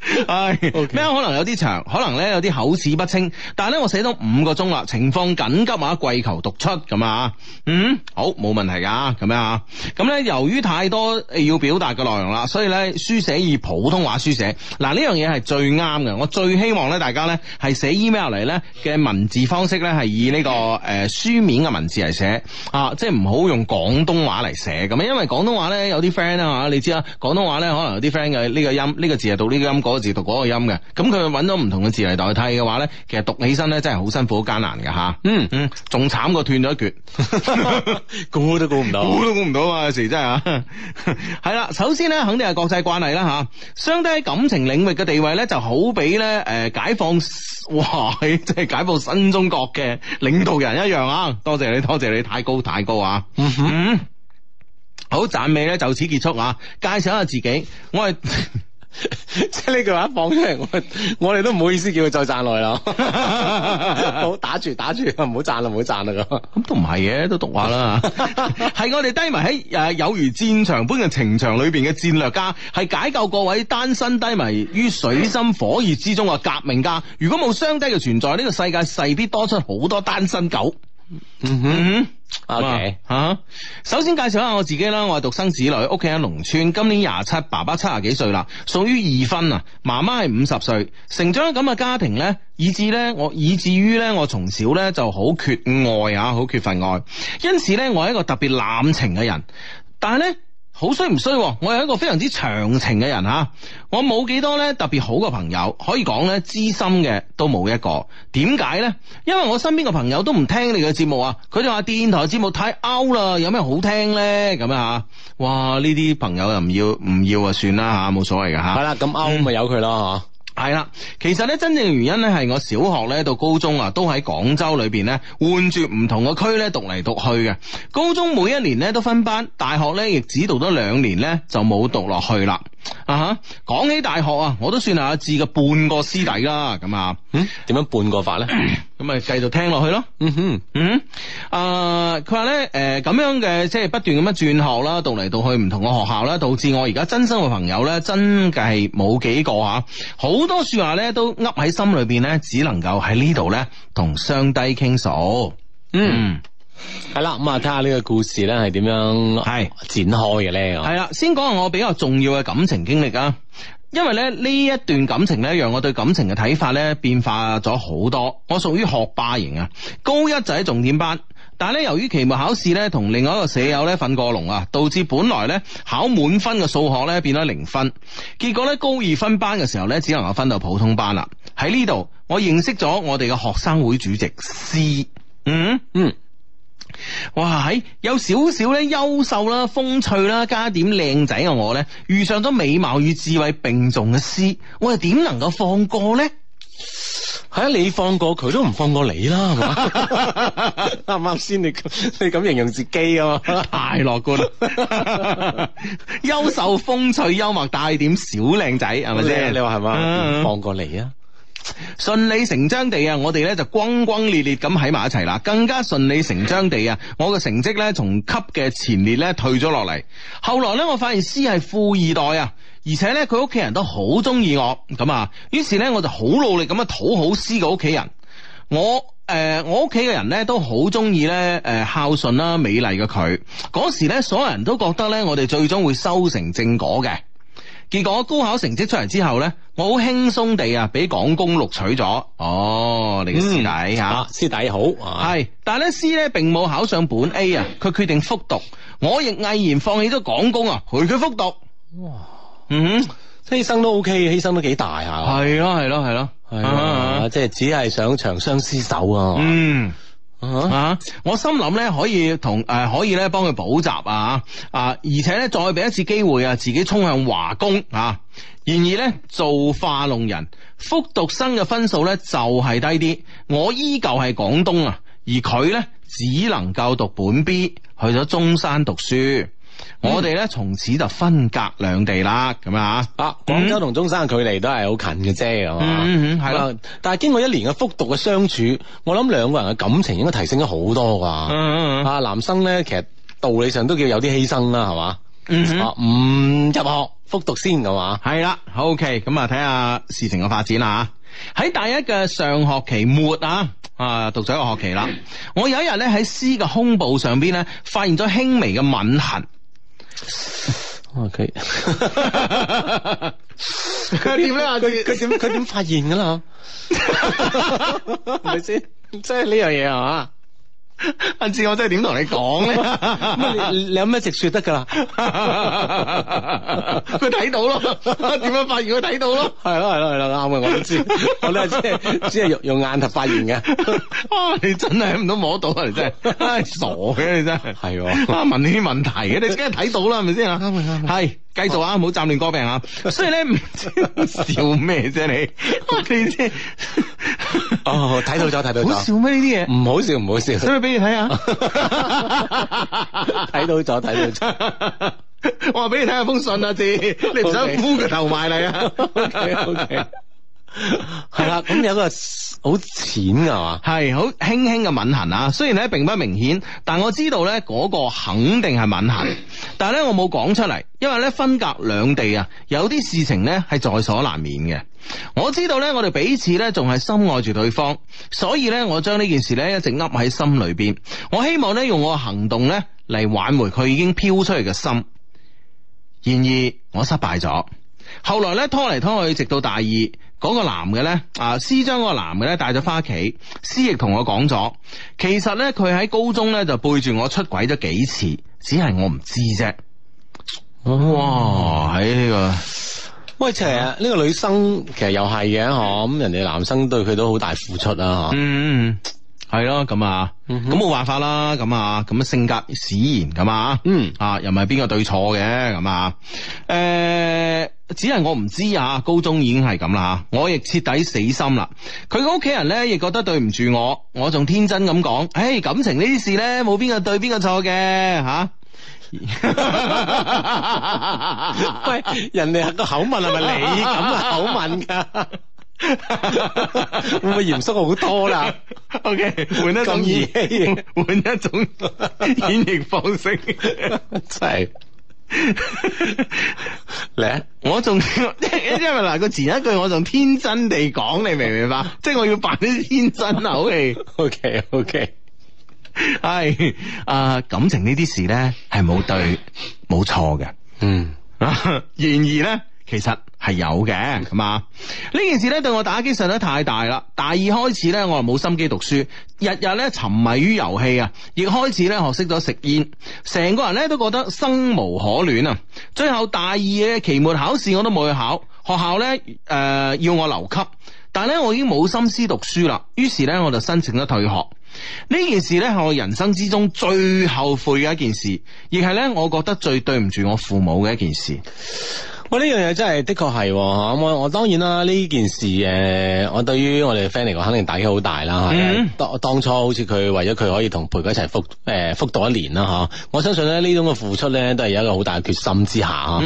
係 咩唉 Okay.？可能有啲長，可能咧有啲口齒不清，但係咧我寫到五個鐘啦，情況緊急啊，跪求讀出咁啊，嗯，好冇問題噶，咁樣啊，咁咧、啊、由於太多要表達嘅內容啦，所以咧書寫以普通話書寫，嗱呢樣嘢係最啱嘅，我最希望咧大家咧係寫 email 嚟咧嘅文字方式咧係以呢個誒書面嘅文字嚟寫啊，即係唔好用廣東話嚟寫咁啊，因為廣東話咧有啲 friend 啊，你知啊，廣東話咧可能有啲 friend 嘅呢個音呢個字係讀呢個音。這個個字讀嗰個音嘅，咁佢揾咗唔同嘅字嚟代替嘅話咧，其實讀起身咧真係好辛苦、好艱難嘅吓。嗯嗯，仲慘過斷咗一橛，估都估唔到，估都估唔到啊！有時真係吓。係啦，首先咧，肯定係國際慣例啦吓，相對喺感情領域嘅地位咧，就好比咧，誒，解放哇，即係解放新中國嘅領導人一樣啊！多謝你，多謝你，太高太高啊！嗯哼，好，讚美咧，就此結束啊！介紹下自己，我係。即係呢句話一放出嚟，我我哋都唔好意思叫佢再讚耐啦， 好，打住打住，唔好讚啦，唔好讚啦咁。咁都唔係嘅，都讀下啦。係 我哋低迷喺誒有如戰場般嘅情場裏邊嘅戰略家，係解救各位單身低迷於水深火熱之中嘅革命家。如果冇雙低嘅存在，呢，這個世界勢必多出好多單身狗。嗯哼。OK，首先介紹下我自己啦。我係獨生子女，屋企喺農村，今年廿七，爸爸七十幾歲啦，屬於二婚啊。媽媽係五十歲，成長喺咁嘅家庭呢，以至呢我，以至於呢我從小呢就好缺愛啊，好缺乏愛。因此呢，我係一個特別濫情嘅人，但係呢。好衰唔衰？我係一個非常之長情嘅人啊！我冇幾多呢特別好嘅朋友，可以講呢，知心嘅都冇一個。點解呢？因為我身邊嘅朋友都唔聽你嘅節目啊！佢哋話電台節目太 out 啦，有咩好聽呢？咁樣吓！哇！呢啲朋友又唔要唔要啊？算啦吓，冇所謂噶吓。係啦、嗯，咁 out 咪由佢咯係啦，其實咧真正原因咧，係我小學咧到高中啊，都喺廣州裏邊咧換住唔同嘅區咧讀嚟讀去嘅。高中每一年咧都分班，大學咧亦只讀咗兩年咧就冇讀落去啦。啊哈，講起大學啊，我都算係阿志嘅半個師弟啦。咁啊，嗯，點樣半個法咧？ 咁咪繼續聽落去咯，嗯哼，嗯哼，啊、uh，佢話咧，誒，咁樣嘅即係不斷咁樣轉學啦，到嚟到去唔同嘅學校啦，導致我而家真心嘅朋友咧，真嘅係冇幾個吓，好多話說話咧都噏喺心裏邊咧，只能夠喺呢度咧同雙低傾訴，嗯，係啦、嗯，咁啊睇下呢個故事咧係點樣係展開嘅咧，係啦，先講下我比較重要嘅感情經歷啊。因為咧呢一段感情咧，讓我對感情嘅睇法咧變化咗好多。我屬於學霸型啊，高一就喺重點班，但係咧由於期末考試咧同另外一個舍友咧瞓過籠啊，導致本來咧考滿分嘅數學咧變咗零分。結果咧高二分班嘅時候咧，只能夠分到普通班啦。喺呢度我認識咗我哋嘅學生會主席 C、mm。嗯嗯。哇，有少少咧優秀啦，風趣啦，加點靚仔嘅我咧，遇上咗美貌與智慧並重嘅詩，我又點能夠放過咧？係、哎、啊，你放過佢都唔放過你啦，係嘛？啱唔啱先你？你，你咁形容自己啊， 太樂觀啦！優 秀風趣幽默帶點小靚仔係咪先？好像 吧你話係嘛？嗯嗯、放過你啊！順理成章地啊，我哋呢就轟轟烈烈咁喺埋一齊啦。更加順理成章地啊，我嘅成績呢從級嘅前列呢退咗落嚟。後來呢，我發現師係富二代啊，而且呢，佢屋企人都好中意我咁啊。於是呢，我就好努力咁樣討好師嘅屋企人。我誒、呃，我屋企嘅人呢都好中意呢誒孝順啦、美麗嘅佢。嗰時呢，所有人都覺得呢，我哋最終會修成正果嘅。結果高考成績出嚟之後呢，我好輕鬆地啊，俾廣工錄取咗。哦，你嘅師弟吓、嗯，師弟好係。但係呢，師呢並冇考上本 A 啊，佢決定復讀。我亦毅然放棄咗廣工啊，陪佢復讀。哇，嗯哼，犧牲都 OK，犧牲都幾大吓。係咯，係咯，係咯，係咯，即係只係想長相廝守啊。嗯。Uh huh. 啊！我心諗咧、呃，可以同誒，可以咧幫佢補習啊！啊，而且咧再俾一次機會啊，自己衝向華工啊！然而咧造化弄人複讀生嘅分數咧就係、是、低啲，我依舊係廣東啊，而佢咧只能夠讀本 B 去咗中山讀書。我哋咧從此就分隔兩地啦，咁啊，啊廣州同中山嘅距離都係好近嘅啫，咁嘛、嗯，係啦，但係經過一年嘅復讀嘅相處，我諗兩個人嘅感情應該提升咗好多噶，嗯嗯哼，啊男生咧其實道理上都叫有啲犧牲啦，係嘛，嗯唔哼、啊、入學復讀先，係嘛、啊，係啦，OK，咁啊睇下事情嘅發展啦，喺大一嘅上學期末啊啊讀咗一個學期啦，嗯、我有一日咧喺詩嘅胸部上邊咧發現咗輕微嘅吻痕。哦，可以，佢佢點咧？佢佢點佢點發現噶啦？係咪先？即係呢樣嘢，係嘛？阿志、啊，我真係點同你講咧？你有咩直說得噶啦？佢 睇 到咯，點樣發現佢睇到咯？係咯， 係咯，係咯，啱嘅我都知。我哋即係即係用用眼頭發現嘅。 啊，你真係唔到摸到啊！你真係唉傻嘅你真係。係 的啊，問你啲問題嘅，你梗係睇到啦，係咪先啊？啱 嘅，啱係。繼續啊，唔好站亂歌柄啊！所以咧，唔知笑咩啫你，你即係哦睇到咗睇到咗，好笑咩呢啲嘢？唔好笑唔好笑，使唔使俾你睇下？睇到咗睇到咗，我話俾你睇下封信啊字，你唔想箍個頭埋嚟啊！OK，OK！係 啦，咁有個好淺嘅嘛，係好輕輕嘅吻痕啊。雖然咧並不明顯，但我知道咧嗰個肯定係吻痕，但係咧我冇講出嚟，因為咧分隔兩地啊，有啲事情咧係在所難免嘅。我知道咧，我哋彼此咧仲係深愛住對方，所以咧我將呢件事咧一直噏喺心裏邊。我希望咧用我行動咧嚟挽回佢已經飄出嚟嘅心，然而我失敗咗。後來咧拖嚟拖去，直到大二。嗰個男嘅咧，啊，師將個男嘅咧帶咗翻屋企，師亦同我講咗，其實咧佢喺高中咧就背住我出軌咗幾次，只係我唔知啫。哇！喺、哎、呢、呢個，喂，邪，實呢、呃、個女生其實又係嘅，嗬、啊，咁人哋男生對佢都好大付出啊。嗬。嗯，係咯，咁啊，咁冇、嗯、哼辦法啦，咁啊，咁啊性格使然咁啊，嗯啊，又唔係邊個對錯嘅咁啊，誒、欸。只係我唔知啊，高中已經係咁啦，我亦徹底死心啦。佢個屋企人咧亦覺得對唔住我，我仲天真咁講，誒，感情呢啲事咧冇邊個對邊個錯嘅吓。啊、 喂，人哋個口吻係咪你咁嘅口吻噶？ 會唔會嚴肅好多啦？OK，換一種麼換一種演繹方式，真係。嚟、 啊，我仲因為嗱個前一句我仲天真地講，你明唔明白？ 即係我要扮啲天真啊口氣。OK，OK，係啊，感情 呢啲事咧係冇對冇錯嘅。嗯，然而咧，其實。係有嘅，咁嘛！呢 件事咧對我打擊實在太大啦。大二開始咧，我又冇心機讀書，日日咧沉迷於遊戲啊，亦開始咧學識咗食煙，成個人咧都覺得生無可戀啊！最後大二嘅期末考試我都冇去考，學校咧誒、呃、要我留級，但係咧我已經冇心思讀書啦。於是咧我就申請咗退學。呢件事咧係我人生之中最後悔嘅一件事，亦係咧我覺得最對唔住我父母嘅一件事。我呢樣嘢真係的確係，咁我我當然啦，呢件事誒，我對於我哋 friend 嚟講，肯定打擊好大啦。當、嗯、當初好似佢為咗佢可以同培哥一齊復誒、呃、復讀一年啦，吓、啊，我相信咧呢種嘅付出咧，都係有一個好大嘅決心之下，咁、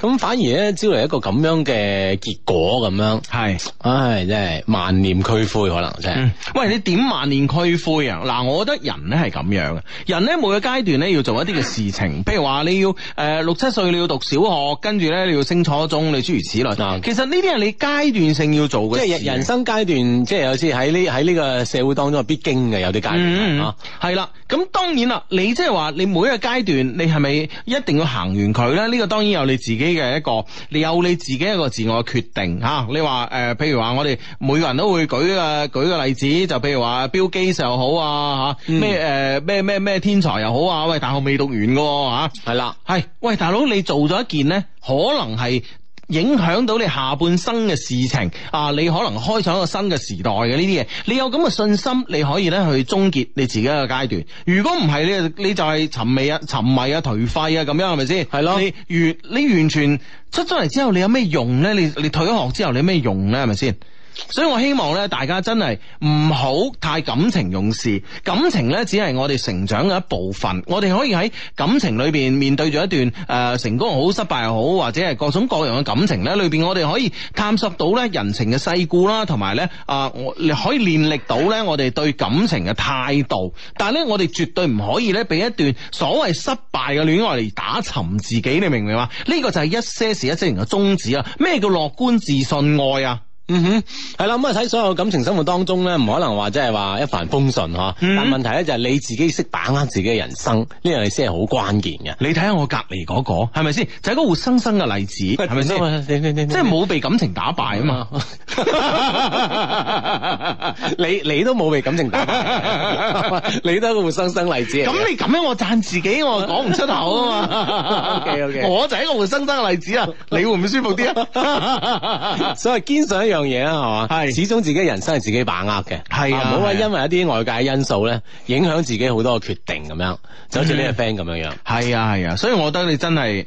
嗯、反而咧招嚟一個咁樣嘅結果咁樣，係是，唉、哎，真、就、係、是、萬念俱灰可能真、就、係、是。嗯、喂，你點萬念俱灰啊？嗱，我覺得人咧係咁樣嘅，人咧每個階段咧要做一啲嘅事情，譬如話你要誒、呃、六七歲你要讀小學，跟住咧你要。清楚中你諸如此類。其實呢啲係你階段性要做嘅，即係人生階段，即係有啲喺呢喺呢個社會當中係必經嘅，有啲階段嚇。係啦、嗯，咁當然啦，你即係話你每一個階段，你係咪一定要行完佢咧？呢、呢個當然有你自己嘅一個，你有你自己一個自我決定嚇、啊。你話誒、呃，譬如話我哋每個人都會舉個舉個例子，就譬如話 Bill Gates 又好啊嚇，咩誒咩咩咩天才又好啊，喂，大學未讀完嘅喎嚇，係、啊、啦，係了，喂，大佬你做咗一件呢？可能。係影響到你下半生嘅事情啊！你可能開創一個新嘅時代嘅呢啲嘢，你有咁嘅信心，你可以咧去終結你自己嘅個階段。如果唔係，你你就係沉迷啊、沉迷啊、頹廢啊咁樣，係咪先？係咯，你完你完全出咗嚟之後，你有咩用咧？你你退咗學之後，你有咩用咧？係咪先？所以我希望咧，大家真係唔好太感情用事。感情咧，只係我哋成長嘅一部分。我哋可以喺感情裏邊面，面對住一段誒、呃、成功又好，失敗又好，或者係各種各樣嘅感情咧，裏邊我哋可以探索到咧人情嘅世故啦，同埋咧啊，我、呃、你可以練歷到咧我哋對感情嘅態度。但係咧，我哋絕對唔可以咧，俾一段所謂失敗嘅戀愛嚟打沉自己。你明唔明啊？呢、呢個就係一些事一些人嘅宗旨啊！咩叫樂觀自信愛啊？嗯哼，係啦咁啊！喺所有感情生活當中咧，唔可能話即係話一帆風順嗬。嗯、但係問題咧就係你自己識把握自己嘅人生呢樣嘢先係好關鍵嘅。你睇下我隔籬嗰個係咪先？就係、是、個活生生嘅例子，係咪先？即係冇被感情打敗啊嘛！ 你你都冇被感情打敗， 你都係一個活生生例子。咁你咁樣我讚自己、啊，我講唔出口啊嘛。O K O K，我就係一個活生生嘅例子啊！你會唔會舒服啲啊？ 所以堅上一樣。樣嘢啊，係嘛，始終自己人生係自己把握嘅，係啊，唔好話因為一啲外界因素咧，影響自己好多嘅決定咁 樣，就好似呢個 friend 咁樣樣，係啊係啊，所以我覺得你真係，誒、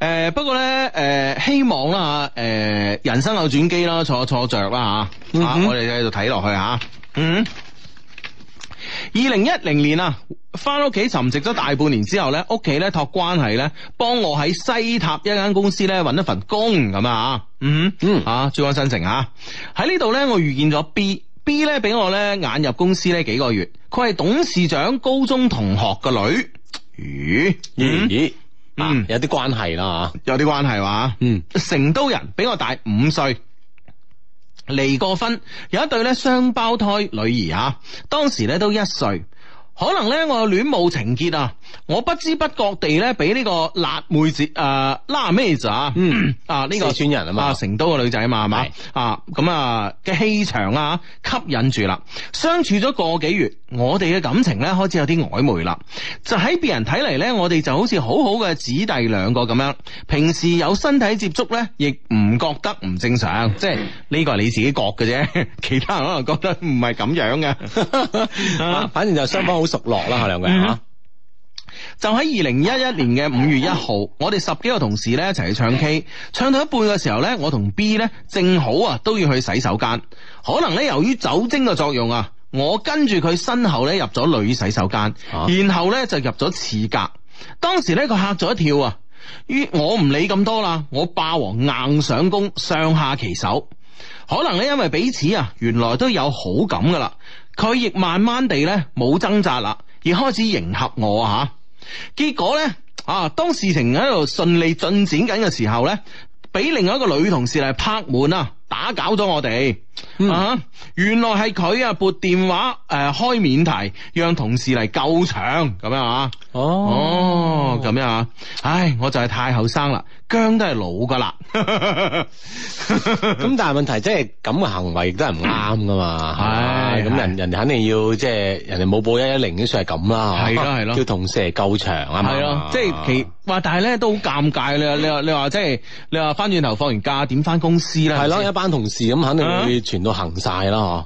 呃，不過咧，誒、呃，希望啦誒、呃，人生有轉機啦，坐坐着啦吓，啊，嗯、哼啊我哋繼續睇落去吓、啊，嗯。二零一零年啊，翻屋企沉寂咗大半年之後呢，屋企呢托關係呢，幫我喺西塔一間公司呢揾一份工咁啊，嗯嗯啊，珠江新城啊，喺呢度呢，我遇見咗 B，B 呢俾我呢眼入公司呢幾個月，佢係董事長高中同學嘅女，咦咦咦，啊、嗯、啊有啲關係啦有啲關係哇，嗯，成都人，比我大五歲。離過婚，有一對咧雙胞胎女兒，啊，當時咧都一歲。可能咧，我有戀母情結啊！我不知不覺地咧，俾呢個辣妹子啊，拉、呃、咩子啊？嗯、呃，啊呢、呃這個四川人啊嘛，成都個女仔是啊嘛係嘛？啊咁啊嘅氣場啊吸引住啦，相處咗個幾月，我哋嘅感情咧開始有啲曖昧啦。就喺別人睇嚟，咧，我哋就好似好好嘅姊弟兩個咁樣，平時有身體接觸咧，亦唔覺得唔正常。 即係呢個係你自己覺嘅啫，其他人可能覺得唔係咁樣嘅。哈哈 反正就雙方好。熟落啦，下兩位吓， 就喺二零一一年嘅五月一號， 我哋十幾個同事咧一齊去唱 K，唱到一半嘅時候咧，我同 B 呢，正好啊都要去洗手間，可能呢，由於酒精嘅作用啊，我跟住佢身後咧入咗女洗手間，然後呢就入咗廁格。當時呢，佢吓咗一跳啊，於我唔理咁多啦，我霸王硬上弓，上下其手，可能呢，因為彼此啊原來都有好感噶啦。佢亦慢慢地咧冇掙扎啦，而開始迎合我吓，結果咧啊，當事情喺度順利進展緊嘅時候咧，俾另外一個女同事嚟拍門啊，打攪咗我哋。啊！原來係佢啊，撥電話誒開免提，讓同事嚟救場咁樣啊！哦，咁樣啊！唉，我就係太後生啦，薑都係老噶啦。咁但係問題即係咁嘅行為亦都係唔啱噶嘛？係咁，人人哋肯定要即係人哋冇報一一零，已經算係咁啦。係咯，係咯，叫同事嚟救場啊嘛。係咯，即係其話，但係咧都好尷尬。你你話你話即係你話翻轉頭放完假，點翻公司咧？係咯，一班同事咁肯定會。全都行晒啦，嗬！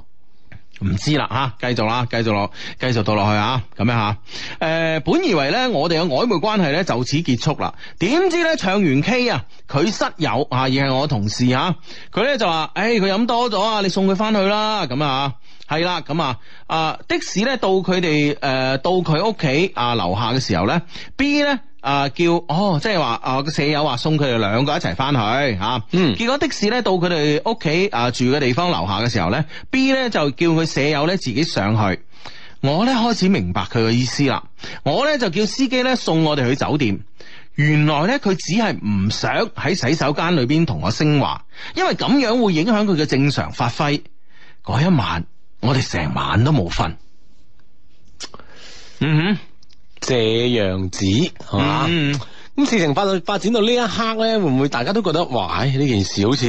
唔知啦，吓，繼續啦，繼續落，繼續到落去啊，咁樣吓，誒，本以為咧，我哋嘅曖昧關係咧就此結束啦。點知咧唱完 K 啊，佢室友啊，而係我同事吓，佢、啊、咧就話：，誒、欸，佢飲多咗啊，你送佢翻去、啊、啦，咁啊吓。係啦，咁啊，啊的士咧到佢哋誒到佢屋企啊樓下嘅時候咧，B 咧。呃哦就是呃、啊！叫哦，即係話啊，個舍友話送佢哋兩個一齊返去吓。嗯，結果的士咧到佢哋屋企啊住嘅地方樓下嘅時候咧，B 咧就叫佢舍友咧自己上去。我咧開始明白佢嘅意思啦。我咧就叫司機咧送我哋去酒店。原來咧佢只係唔想喺洗手間裏邊同我升華，因為咁樣會影響佢嘅正常發揮。嗰一晚，我哋成晚都冇瞓。嗯哼。這樣子係嘛？咁、嗯、事情發到發展到呢一刻咧，會唔會大家都覺得哇？呢、哎、件事好似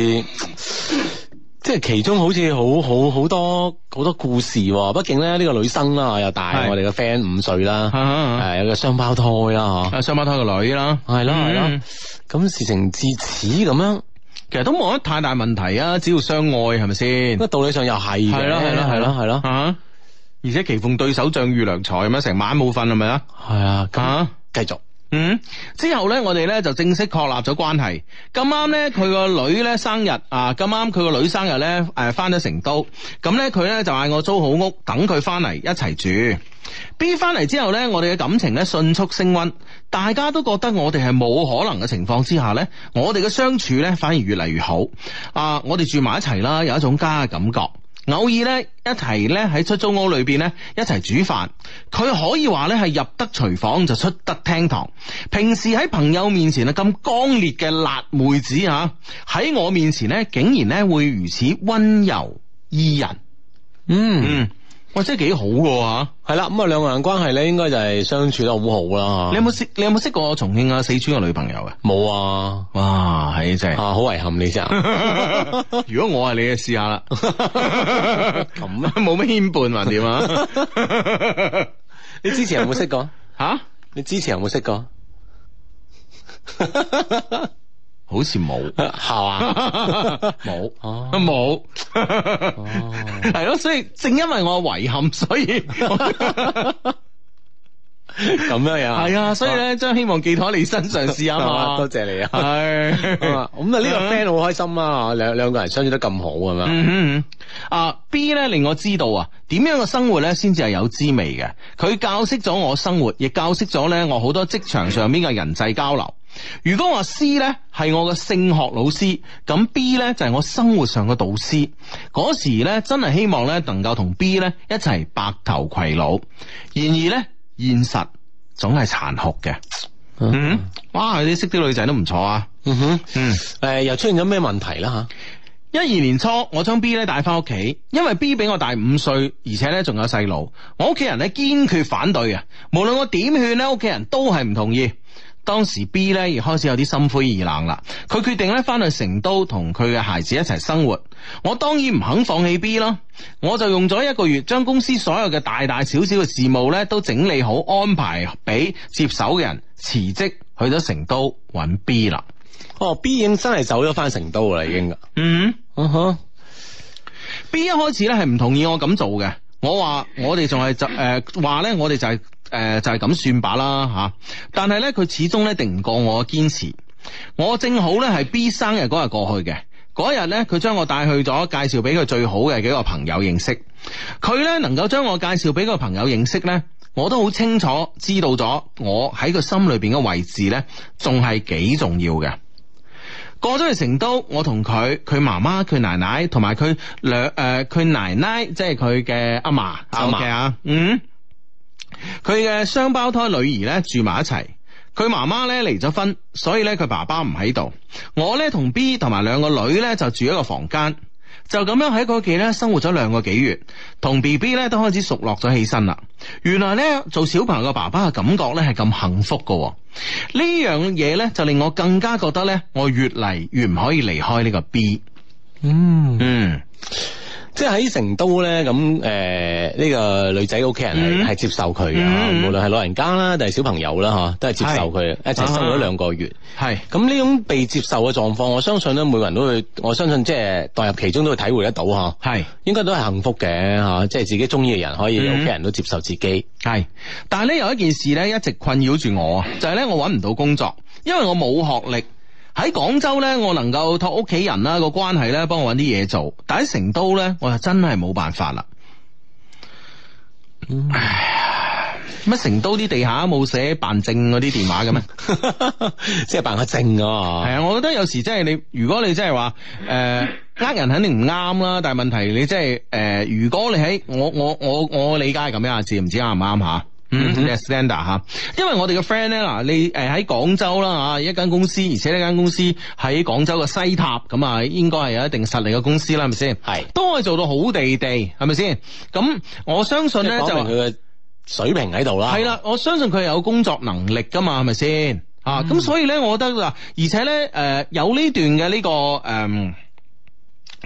即係其中好似好好好多好多故事。畢竟咧，呢、這個女生啦，又大是 我哋個 friend 五歲啦，係有個雙胞胎啦，吓雙胞胎個女啦，係咯係咯。咁、嗯、事情至此咁樣，其實都冇乜太大問題啊。只要相愛係咪先？咁道理上又係嘅，咯係咯係咯係咯。 而且棋逢對手，將遇良才，咁樣成晚冇瞓係咪啊？係啊，吓繼續。嗯，之後呢，我哋呢就正式確立咗關係。咁啱呢，佢個女呢生日啊，咁啱佢個女生日呢，誒、啊，翻咗成都。咁呢，佢呢就嗌我租好屋，等佢翻嚟一齊住。B 翻嚟之後呢，我哋嘅感情呢迅速升溫。大家都覺得我哋係冇可能嘅情況之下呢，我哋嘅相處呢反而越嚟越好。啊，我哋住埋一齊啦，有一種家嘅感覺。偶爾咧一齊咧喺出租屋裏邊咧一齊煮飯，佢可以話咧係入得廚房就出得廳堂。平時喺朋友面前啊咁剛烈嘅辣妹子啊，喺我面前咧竟然咧會如此溫柔依人。嗯。嗯。哇，真係幾好噶吓，係啦，咁啊兩個人關係咧，應該就係相處得好好啦。你有冇識？你有冇識過重慶啊、四川嘅女朋友啊？冇啊，哇，係真係，啊，好遺憾你真。如果我係你，試下啦。咁啊，冇乜牽絆還點啊？你之前有冇識過？吓？你之前有冇識過？好似冇係嘛，冇哦，冇，係咯，所以正因為我遺憾，所以我咁樣樣係啊，所以咧將希望寄託喺你身上試下嘛，多謝你啊，係咁啊，呢個 friend 好開心啊，兩兩個人相處得咁好咁樣，啊 B 咧令我知道啊，點樣嘅生活咧先至係有滋味嘅，佢教識咗我生活，亦教識咗咧我好多職場上邊嘅人際交流。如果我話 C 呢係我嘅性學老師，咁 B 呢就係、是、我生活上嘅導師。嗰時呢真係希望呢能夠同 B 呢一齊白頭偕老。然而呢，現實總係殘酷嘅。嗯，嗯，哇，你識啲女仔都唔錯啊。嗯哼，嗯，誒、呃，又出現咗咩問題啦吓？一二年初，我將 B 呢帶翻屋企，因為 B 比我大五歲，而且呢仲有細路。我屋企人呢堅決反對啊，無論我點勸呢屋企人都係唔同意。當時 B 咧亦開始有啲心灰意冷啦，佢決定咧翻去成都同佢嘅孩子一齊生活。我當然唔肯放棄 B 咯，我就用咗一個月將公司所有嘅大大小小嘅事務咧都整理好，安排俾接手嘅人，辭職去咗成都揾 B 啦。哦，B 已經真係走咗翻成都啦，已經嗯，嗯哼、mm。Hmm. Uh huh. B 一開始咧係唔同意我咁做嘅，我話我哋仲係就誒話咧，呃、我哋就係、是。誒、呃，就係、是、咁算吧啦吓、啊，但係呢，佢始終呢定唔過我堅持。我正好呢係 B 生日嗰日過去嘅，嗰日呢，佢將我帶去咗，介紹俾佢最好嘅幾個朋友認識。佢呢能夠將我介紹俾個朋友認識呢，我都好清楚知道咗我喺佢心裏邊嘅位置呢，仲係幾重要嘅。過咗去成都，我同佢、佢媽媽、佢奶奶同埋佢兩誒佢奶奶，即係佢嘅阿嫲，阿嫲嬤，嗯。Okay, uh. 佢嘅雙胞胎女兒咧住埋一齊，佢媽媽咧離咗婚，所以咧佢爸爸唔喺度。我咧同 B 同埋兩個女咧就住一個房間，就咁樣喺個屋企咧生活咗兩個幾月，同 B B 咧都開始熟絡咗起身啦。原來咧做小朋友嘅爸爸嘅感覺咧係咁幸福㗎，呢樣嘢咧就令我更加覺得咧我越嚟越唔可以離開呢個 B。嗯。嗯即係喺成都呢，咁誒呢個女仔屋企人係、嗯、接受佢嘅，嗯、無論係老人家啦，定係小朋友啦，嚇都係接受佢，是一齊生活咗兩個月。係咁呢種被接受嘅狀況，我相信咧，每個人都會，我相信即係代入其中都會體會得到嚇。係是應該都係幸福嘅嚇、啊，即係自己中意嘅人可以屋企、嗯、人都接受自己。係，但係呢，有一件事呢，一直困擾住我就係、是、呢，我揾唔到工作，因為我冇學歷。喺廣州咧，我能夠託屋企人啦個關係咧，幫我搵啲嘢做。但喺成都咧，我就真係冇辦法啦。乜、嗯、唉、成都啲地下冇寫辦證嗰啲電話嘅咩？即係辦個證啊？係啊、欸，我覺得有時即係你，如果你真係話誒，呃，人肯定唔啱啦。但係問題你真係誒，如果你喺我我我我理解係咁樣，知唔知啱唔啱吓？standard 吓，hmm. yeah, 因為我哋嘅 friend 咧，嗱你誒喺廣州啦吓，一間公司，而且呢間公司喺廣州嘅西塔，咁啊應該係有一定實力嘅公司啦，係咪先？係是都可以做到好地地，係咪先？咁我相信咧就，即係表明佢嘅水平喺度啦。係啦，我相信佢是有工作能力噶嘛，係咪先？啊、嗯，咁所以咧，我覺得嗱，而且咧，誒、呃、有呢段嘅呢、這個誒。呃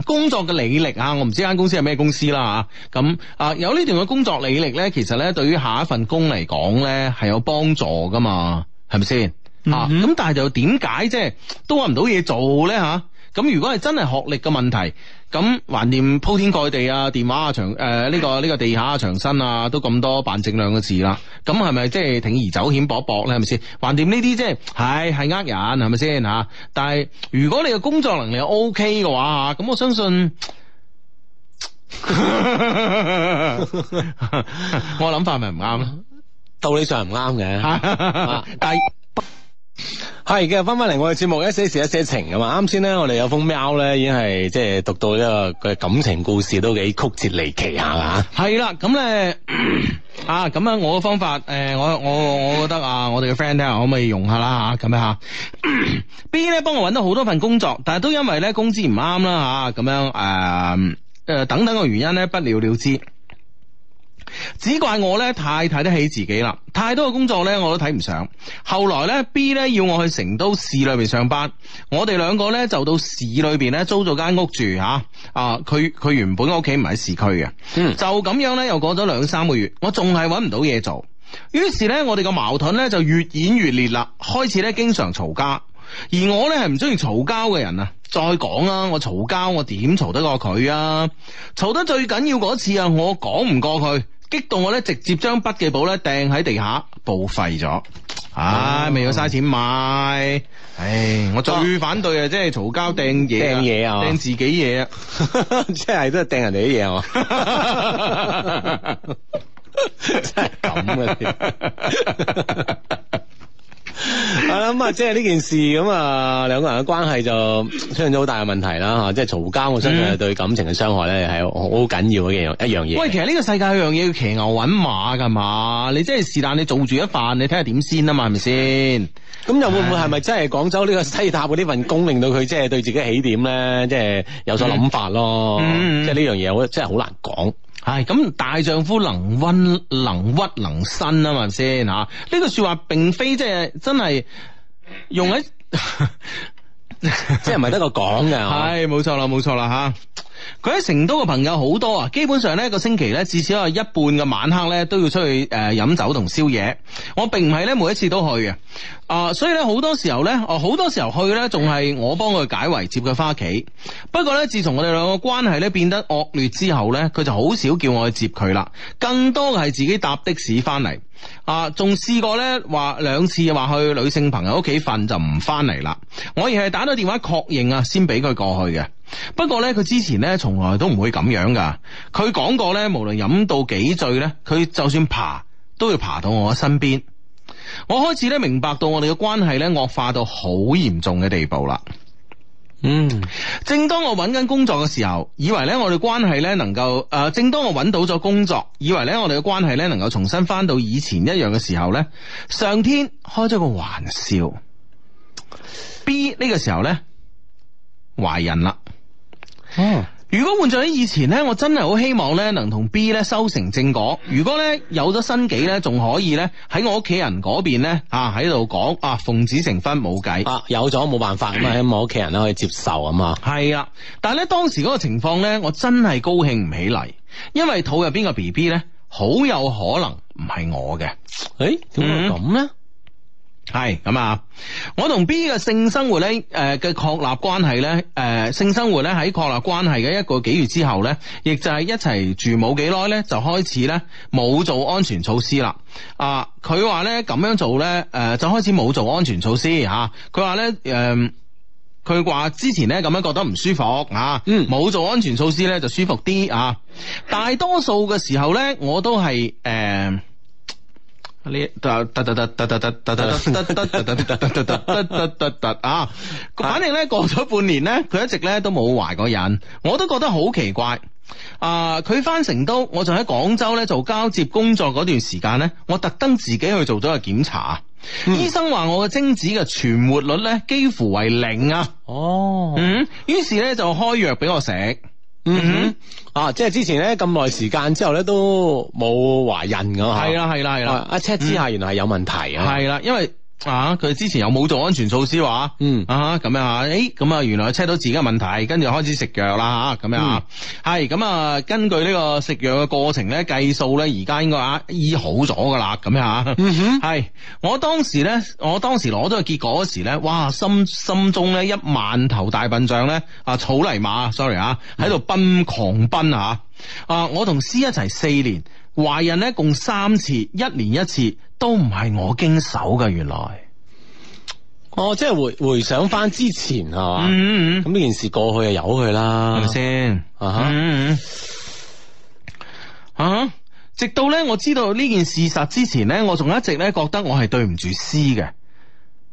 工作嘅履歷啊，我唔知間公司係咩公司啦吓，咁啊，啊有呢段嘅工作履歷咧，其實咧對於下一份工嚟講咧係有幫助噶嘛，係咪先？啊，咁但係就點解即係都揾唔到嘢做咧吓。咁如果係真係學歷嘅問題，咁橫掂鋪天蓋地啊，電話啊，牆誒呢、呃這個呢、這個地下啊，牆身啊，都咁多辦證兩個字啦，咁係咪即係鋌而走險搏一搏咧？係咪先？橫掂呢啲即係係係呃人係咪先吓？但係如果你嘅工作能力 OK 嘅話，咁我相信， 我諗法係咪唔啱咧？ 道理上係唔啱嘅，但係。係，繼續翻翻嚟，我哋節目《一些事，一些情》咁嘛！啱先咧，我哋有封喵咧，已經係即係讀到一個嘅感情故事，都幾曲折離奇下噶吓。係啦，咁咧、嗯、啊、咁、呃、啊，我嘅方法誒，我我我覺得啊，我哋嘅 friend 咧可唔可以用下啦吓？咁啊吓，B 咧幫我搵到好多份工作，但係都因為咧工資唔啱啦吓，咁、啊、樣誒誒、啊、等等嘅原因咧不了了之。只怪我咧太睇得起自己啦，太多嘅工作咧我都睇唔上。後來咧 B 咧要我去成都市裏邊上班，我哋兩個咧就到市裏邊咧租咗間屋住吓。啊，佢、啊、佢原本屋企唔喺市區嘅，嗯、就咁樣咧又過咗兩三個月，我仲係揾唔到嘢做。於是咧我哋個矛盾咧就越演越烈啦，開始咧經常嘈交。而我咧係唔中意嘈交嘅人啊，再講啊，我嘈交我點嘈得過佢啊？嘈得最緊要嗰次啊，我講唔過佢。激動我咧，直接將筆記簿咧掟喺地下報廢咗，唉，未有嘥錢買，唉、哎，我最反對唉啊，即係嘈交掟嘢，掟嘢啊，掟自己嘢啊，即係 都係掟人哋啲嘢啊， 真係咁啊！ 係啦，咁啊，即係呢件事，咁啊，兩個人嘅關係就出現咗好大嘅問題啦，吓、啊，即係嘈交，我相信係對感情嘅傷害咧，係好緊要嘅一樣一樣嘢。喂，其實呢個世界有樣嘢要騎牛搵馬噶嘛？你即係是但，你做住一份，你睇下點先啊嘛？係咪先？咁吧又會唔會係咪真係廣州呢個西塔嘅呢份工，令到佢即係對自己起點咧，即係有所諗法咯？嗯嗯、即係呢樣嘢，我真係好難講。係咁，哎、大丈夫能溫能屈能伸啊嘛，先吓呢個說話，並非 即係真係用喺，即係唔係得個講嘅。係，冇錯啦，冇錯啦吓。啊佢喺成都嘅朋友好多啊，基本上一個星期呢，至少係一半嘅晚黑呢，都要出去誒呃、飲酒同宵夜。我並唔係呢每一次都去嘅，啊、呃，所以呢，好多時候呢，啊、呃、好多時候去呢，仲係我幫佢解圍接佢翻屋企。不過呢，自從我哋兩個關係呢變得惡劣之後呢，佢就好少叫我去接佢啦。更多係自己搭的士翻嚟。啊、呃，仲試過呢話兩次話去女性朋友屋企瞓就唔翻嚟啦。我而係打咗電話確認啊，先俾佢過去嘅。不過咧，佢之前咧，從來都唔會咁樣噶。佢講過咧，無論飲到幾醉咧，佢就算爬都要爬到我身邊。我開始咧，明白到我哋嘅關係咧，惡化到好嚴重嘅地步啦。嗯，正當我揾緊工作嘅時候，以為咧，我哋關係咧，能夠誒、呃，正當我揾到咗工作，以為咧，我哋嘅關係咧，能夠重新返到以前一樣嘅時候咧，上天開咗個玩笑。B 呢個時候咧，懷孕啦。哦，如果換作喺以前呢，我真係好希望呢，能同 B 咧修成正果。如果呢，有咗新紀呢，仲可以呢，喺我屋企人嗰邊呢，啊，喺度講啊，奉子成婚冇計啊，有咗冇辦法咁啊，希望屋企人都可以接受啊嘛。係、嗯、啊，但係咧當時嗰個情況呢，我真係高興唔起嚟，因為肚入邊個 B B 呢，好有可能唔係我嘅。誒、欸，點會咁呢？嗯係咁啊！我同 B 嘅性生活咧，誒嘅確立關係咧，誒、呃、性生活咧喺確立關係嘅一個幾月之後咧，亦就係一齊住冇幾耐咧，就開始咧冇做安全措施啦。啊，佢話咧咁樣做咧，誒、呃、就開始冇做安全措施吓。佢話咧，誒佢話之前咧咁樣覺得唔舒服啊，冇、嗯、做安全措施咧就舒服啲啊。大多數嘅時候咧，我都係誒。呃咧，突突突突突突突突突突突突突突突突突突啊！反正咧過咗半年咧，佢一直咧都冇懷過孕，我都覺得好奇怪。啊，佢翻成都，我仲喺廣州咧做交接工作嗰段時間咧，我特登自己去做咗個檢查，嗯、醫生話我嘅精子嘅存活率咧幾乎為零啊。哦，嗯，於是咧就開藥俾我食。嗯哼，啊，即係之前咧咁耐時間之後咧都冇懷孕噶吓，係啦係啦，係啦，阿 check 之下原來係有問題啊，係啦，因為。啊！佢之前又冇做安全措施話，嗯，啊咁樣啊，誒，咁啊，原來 check 到自己嘅問題，跟住開始食藥啦吓，咁樣吓，係、啊、咁、嗯、啊，根據呢個食藥嘅過程咧，計數咧，而家應該啊醫好咗噶啦，咁樣吓，嗯哼，係，我當時咧，我當時攞到個結果嗰時咧，哇，心心中咧一萬頭大笨象咧啊草泥馬，sorry 啊，喺度奔狂奔啊，啊，我同 C 一齊四年懷孕咧，共三次，一年一次。都唔係我經手噶，原來，哦，即係回回想翻之前係嘛，咁呢件事過去就由佢啦，係咪先？啊、嗯、哈，啊， 直到咧我知道呢件事實之前咧，我仲一直咧覺得我係對唔住詩嘅，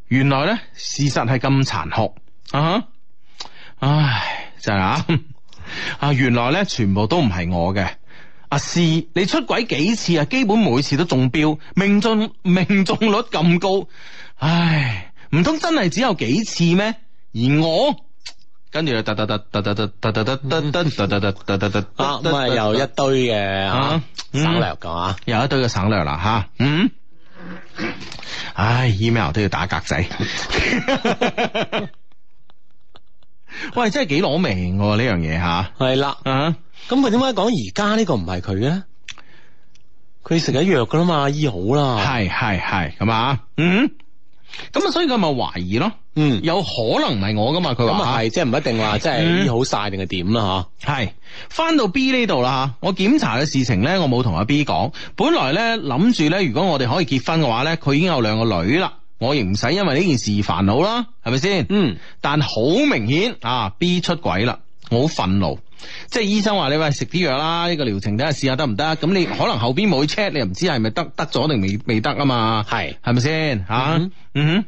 原來咧事實係咁殘酷啊！ 唉，就係、是、啊，啊， 原來咧全部都唔係我嘅。阿詩、啊，你出軌幾次啊？基本每次都中標，命中命中率咁高，唉，唔通真係只有幾次咩？而我跟住又嗒嗒嗒嗒嗒嗒嗒嗒嗒嗒嗒嗒又一堆嘅、啊、省略噶，又一堆嘅省略啦，吓，嗯，唉、啊、email 都要打格仔， 喂，真係幾攞命呢樣嘢吓，係啦的，啊。咁佢點解講而家呢個唔係佢嘅咧？佢食緊藥噶啦嘛，醫好啦。係係係，咁啊，嗯，咁啊，所以佢咪懷疑咯，嗯，有可能唔係我噶嘛？佢話係即係唔一定話即係醫好晒定係點啦吓。係翻、嗯啊、到 B 呢度啦吓，我檢查嘅事情咧，我冇同阿 B 講。本來咧諗住咧，如果我哋可以結婚嘅話咧，佢已經有兩個女啦，我亦唔使因為呢件事而煩惱啦，係咪先？嗯，但好明顯啊，B 出軌啦，我好憤怒。即係醫生話你喂食啲藥啦，呢、這個療程睇下試下得唔得？咁你可能後邊冇去 check，你又唔知係咪得得咗定未未得啊？嘛係係咪先吓？嗯哼，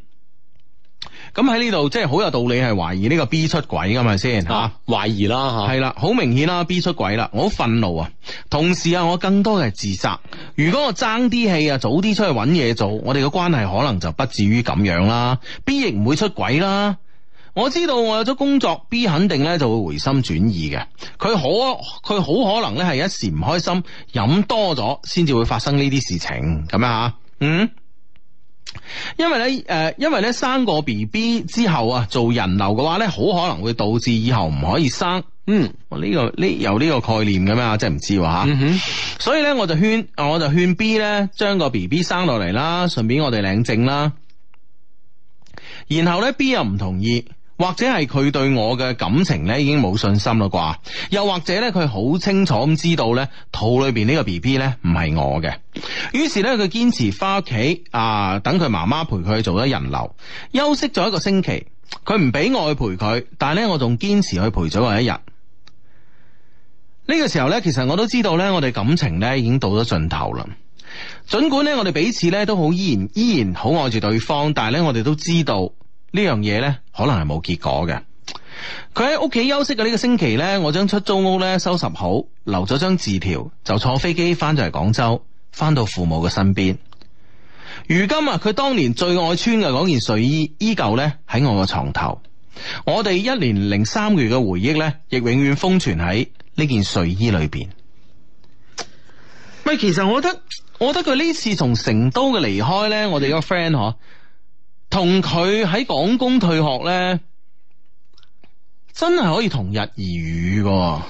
咁喺呢度即係好有道理係懷疑呢個 B 出軌噶嘛先吓？懷、啊啊、疑啦吓，係、啊、啦，好明顯啦，B 出軌啦，我好憤怒啊！同時啊，我更多嘅係自責。如果我爭啲氣啊，早啲出去揾嘢做，我哋嘅關係可能就不至於咁樣啦。B 亦唔會出軌啦。我知道我有咗工作，B 肯定咧就會回心轉意嘅。佢好，佢好可能咧係一時唔開心，飲多咗先至會發生呢啲事情咁樣吓，嗯因呢、呃。因為咧誒，因為咧生個 B B 之後啊，做人流嘅話咧，好可能會導致以後唔可以生。嗯，呢、呢個呢、呢個、有呢個概念噶咩？即係唔知話吓、啊。嗯、哼所以咧，我就勸我就勸 B 咧，將個 B B 生落嚟啦，順便我哋領證啦。然後咧，B 又唔同意。或者係佢對我嘅感情咧，已經冇信心啦啩。又或者咧，佢好清楚咁知道咧，肚裏邊呢個 BB 咧唔係我嘅。於是咧，佢堅持翻屋企啊，等佢媽媽陪佢做咗人流，休息咗一個星期。佢唔俾我去陪佢，但係咧，我仲堅持去陪咗我一日。呢個時候咧，其實我都知道咧，我哋感情咧已經到咗盡頭啦。盡管咧，我哋彼此咧都好依然依然好愛住對方，但係咧，我哋都知道。呢樣嘢咧，可能係冇結果嘅。佢喺屋企休息嘅呢個星期呢，我將出租屋呢收拾好，留咗張字條，就坐飛機翻咗嚟廣州，翻到父母嘅身邊。如今啊，佢當年最愛穿嘅嗰件睡衣，依舊呢喺我嘅床頭。我哋一年零三個月嘅回憶呢，亦永遠封存喺呢件睡衣裏邊。唔，其實我覺得，我覺得佢呢次從成都嘅離開呢，我哋個 friend 嗬。同佢喺港工退學呢，真係可以同日而語噶。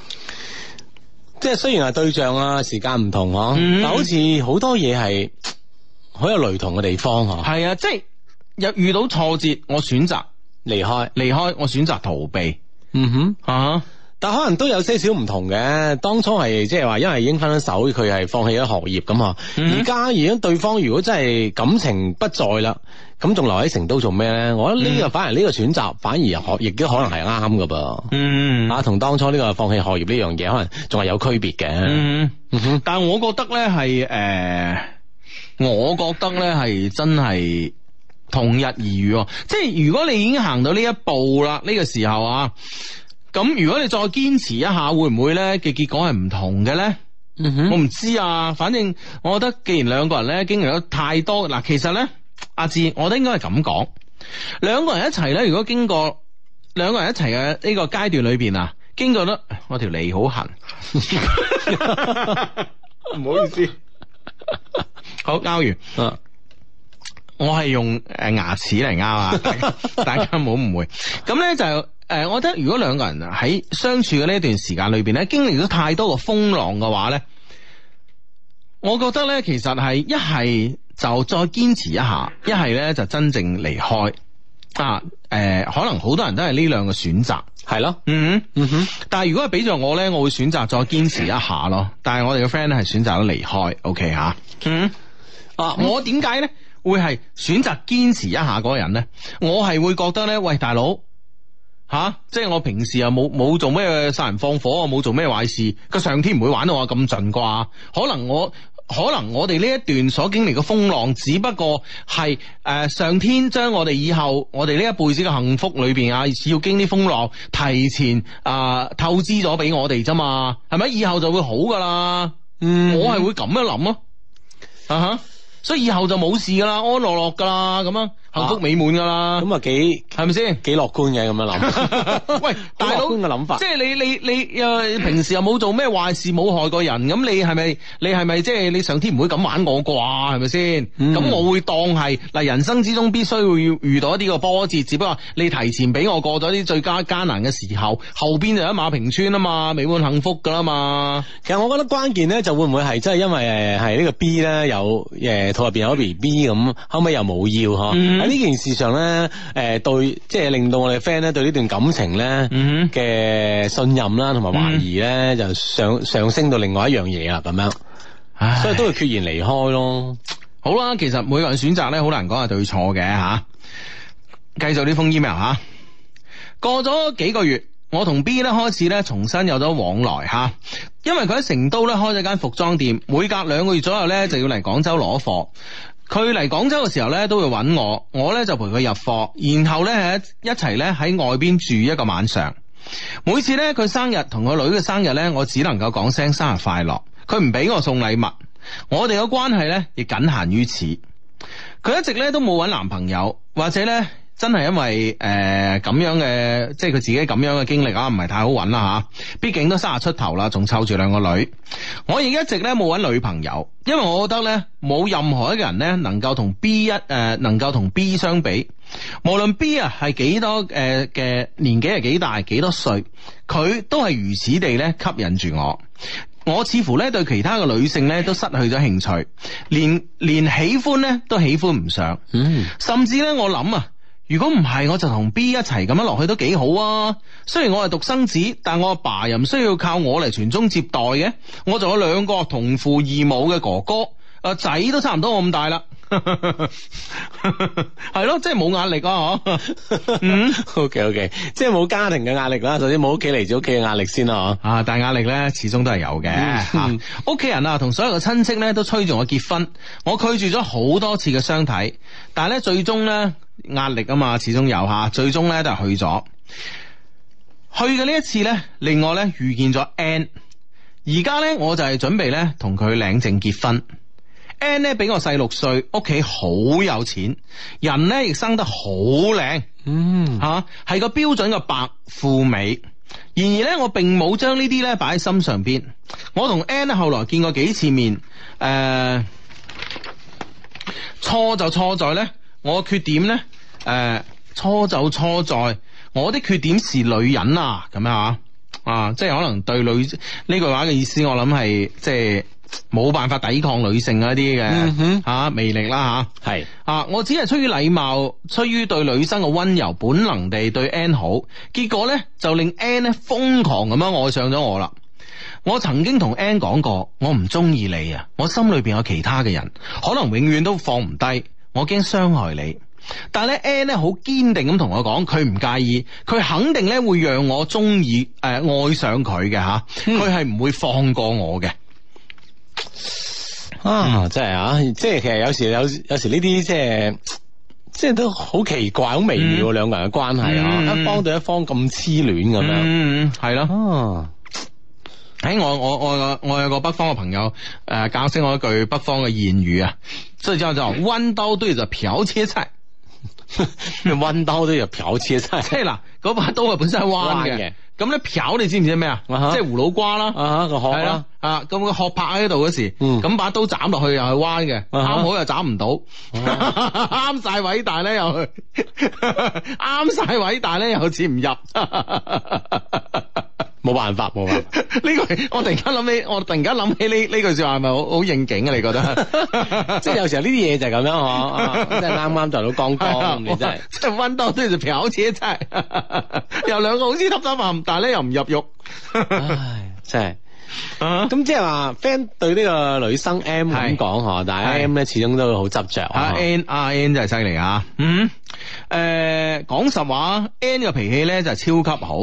即係雖然係對象啊、時間唔同啊，嗯、但好似好多嘢係好有雷同嘅地方啊。係啊，即係有遇到挫折，我選擇離開，離開我選擇逃避。嗯哼，啊、uh。Huh. 但可能都有些少唔同嘅，當初係即係話，因為已經分咗手，佢係放棄咗學業咁啊。而家已經對方如果真係感情不在啦，咁仲留喺成都做咩呢？我覺得呢個反而呢個選擇，mm hmm. 反而學亦都可能係啱噶噃。嗯、mm，啊，同當初呢個放棄學業呢樣嘢，可能仲係有區別嘅。Mm hmm. 但係我覺得呢係誒，我覺得呢係真係同日而語喎。即係如果你已經行到呢一步啦，呢、呢個時候啊。咁如果你再堅持一下，會唔會咧嘅結果係唔同嘅咧？嗯、哼我唔知啊，反正我覺得，既然兩個人咧經歷咗太多，嗱，其實咧，阿志，我覺得應該係咁講，兩個人一齊咧，如果經過兩個人一齊嘅呢個階段裏邊啊，經過咗我條脷好痕，唔 好意思，好咬完，啊、我係用誒牙齒嚟咬啊，大家大家唔好誤會，咁咧就。誒，我覺得如果兩個人喺相處嘅呢一段時間裏邊咧，經歷咗太多個風浪嘅話咧，我覺得咧，其實係一係就再堅持一下，一係咧就真正離開啊。誒，可能好多人都係呢兩個選擇，係咯，嗯哼，但係如果係畀咗我咧，我會選擇再堅持一下咯。但係我哋嘅 friend 咧係選擇咗離開。O K 吓，嗯，啊，我點解咧會係選擇堅持一下嗰個人咧？我係會覺得咧，喂，大佬。吓、啊，即係我平時又冇冇做咩殺人放火啊，冇做咩壞事，個上天唔會玩到我咁盡啩？可能我，可能我哋呢一段所經歷嘅風浪，只不過係誒、呃、上天將我哋以後我哋呢一輩子嘅幸福裏邊啊，要經啲風浪，提前啊、呃、透支咗俾我哋啫嘛，係咪？以後就會好噶啦，嗯、我係會咁樣諗咯、啊，啊哈，所以以後就冇事噶啦，安安樂樂噶啦，咁啊。幸福美滿噶啦，咁啊幾係咪先幾樂觀嘅咁樣諗？ 喂，大佬嘅諗法，即係你你你啊，平時又冇做咩壞事，冇害過人，咁你係咪你係咪即係你上天唔會咁玩我啩？係咪先？咁、嗯、我會當係嗱，人生之中必須會遇到一啲個波折，只不過你提前俾我過咗啲最加艱難嘅時候，後邊就一馬平川啊嘛，美滿幸福噶啦嘛。其實我覺得關鍵咧，就會唔會係即係因為誒係呢個 B 咧有誒肚入邊有個 B B 咁，後尾又冇要嗬？啊呢件事上呢，誒、呃、對，即係令到我哋 friend 咧對呢段感情呢嘅信任啦，同埋懷疑呢，就上上升到另外一樣嘢啦，咁唉樣，所以都會決然離開咯。好啦，其實每個人選擇呢，好難講係對錯嘅嚇。繼續呢封 email 嚇、啊，過咗幾個月，我同 B 呢開始呢重新有咗往來嚇、啊，因為佢喺成都呢開咗間服裝店，每隔兩個月左右呢，就要嚟廣州攞貨。佢嚟廣州嘅時候呢，都會揾我，我呢，就陪佢入貨，然後呢，一齊呢，喺外邊住一個晚上。每次呢，佢生日同佢女嘅生日呢，我只能夠講聲生日快樂。佢唔俾我送禮物，我哋嘅關係呢，亦僅限於此。佢一直呢，都冇揾男朋友，或者呢。真係因為誒咁、呃、樣嘅，即係佢自己咁樣嘅經歷啊，唔係太好揾啦吓。畢竟都卅出頭啦，仲湊住兩個女。我亦一直咧冇揾女朋友，因為我覺得咧冇任何一個人咧能夠同 B 一誒、呃、能夠同 B 相比。無論 B 啊係幾多誒嘅、呃、年紀係幾大幾多，多歲，佢都係如此地咧吸引住我。我似乎咧對其他嘅女性咧都失去咗興趣，連連喜歡咧都喜歡唔上。嗯，甚至咧我諗啊。如果唔係，我就同 B 一齊咁樣落去都幾好啊。雖然我係獨生子，但我阿爸又唔需要靠我嚟傳宗接代嘅。我仲有兩個同父異母嘅哥哥，誒，仔都差唔多我咁大啦。係咯， 即係冇壓力啊。嗬、 嗯，嗯，O K，O K，即係冇家庭嘅壓力啦。首先冇屋企嚟自屋企嘅壓力先啦、啊。啊，但係壓力咧始終都係有嘅。屋企人啊，同所有嘅親戚咧都催住我結婚，我拒絕咗好多次嘅相睇，但係咧最終咧。壓力啊嘛，始終有吓，最終咧都係去咗。去嘅呢一次咧，令我咧遇見咗 N，而家咧我就係準備咧同佢領證結婚。N 咧比我細六歲，屋企好有錢，人咧亦生得好靚，嗯吓，係、啊、個標準嘅白富美。然而咧，我並冇將呢啲咧擺喺心上邊。我同 N 咧後來見過幾次面，誒、呃，錯就錯在咧。我缺點呢，誒，錯就錯在我的缺點是女人啊，咁樣啊，啊，即係可能對女呢句話嘅意思我，我諗係即係冇辦法抵抗女性嗰啲嘅吓魅力啦吓，係啊，啊，我只係出於禮貌，出於對女生嘅溫柔，本能地對 N 好，結果呢，就令 N 呢瘋狂咁樣愛上咗我啦。我曾經同 N 講過，我唔中意你啊，我心裏邊有其他嘅人，可能永遠都放唔低。我驚傷害你，但係咧 n 咧好堅定咁同我講，佢唔介意，佢肯定咧會讓我中意誒愛上佢嘅吓，佢係唔會放過我嘅。嗯、啊，真係啊，即係其實有時有有時呢啲即係即係都好奇怪，好微妙兩、嗯、個人嘅關係啊，嗯、一方對一方咁痴戀咁樣，係咯。嗯嗯喺、哎、我我我我有個北方嘅朋友，誒、呃、教識我一句北方嘅諺語啊，所以之後就話彎刀都要就漂切一齊，彎刀都要漂切一齊。即係嗱，嗰把刀啊本身係彎嘅，咁咧漂你知唔知咩啊？即係葫蘆瓜啦，個殼啊，咁個殼拍喺度嗰時，咁把刀斬落去 又係彎嘅，啱好又斬唔到，啱晒位，但係咧又啱晒位，但係咧又切唔入。 冇辦法，冇辦法。呢句 我突然間諗起，我突然間諗起呢呢句說話，係咪好應景啊？你覺得？ 即係有時候呢啲嘢就係咁樣嗬，即係啱啱就到剛剛，你真係，即係溫到都要漂車，真係。有兩個好似耷耷下，但係咧又唔入肉。唉，真係。咁即係話，friend 對呢個女生 M 咁講嗬，但係 M 咧始終都好執着。阿 N，R、N 真係犀利啊！嗯，誒、啊，講、嗯嗯、實話 ，N 嘅脾氣咧就係超級好。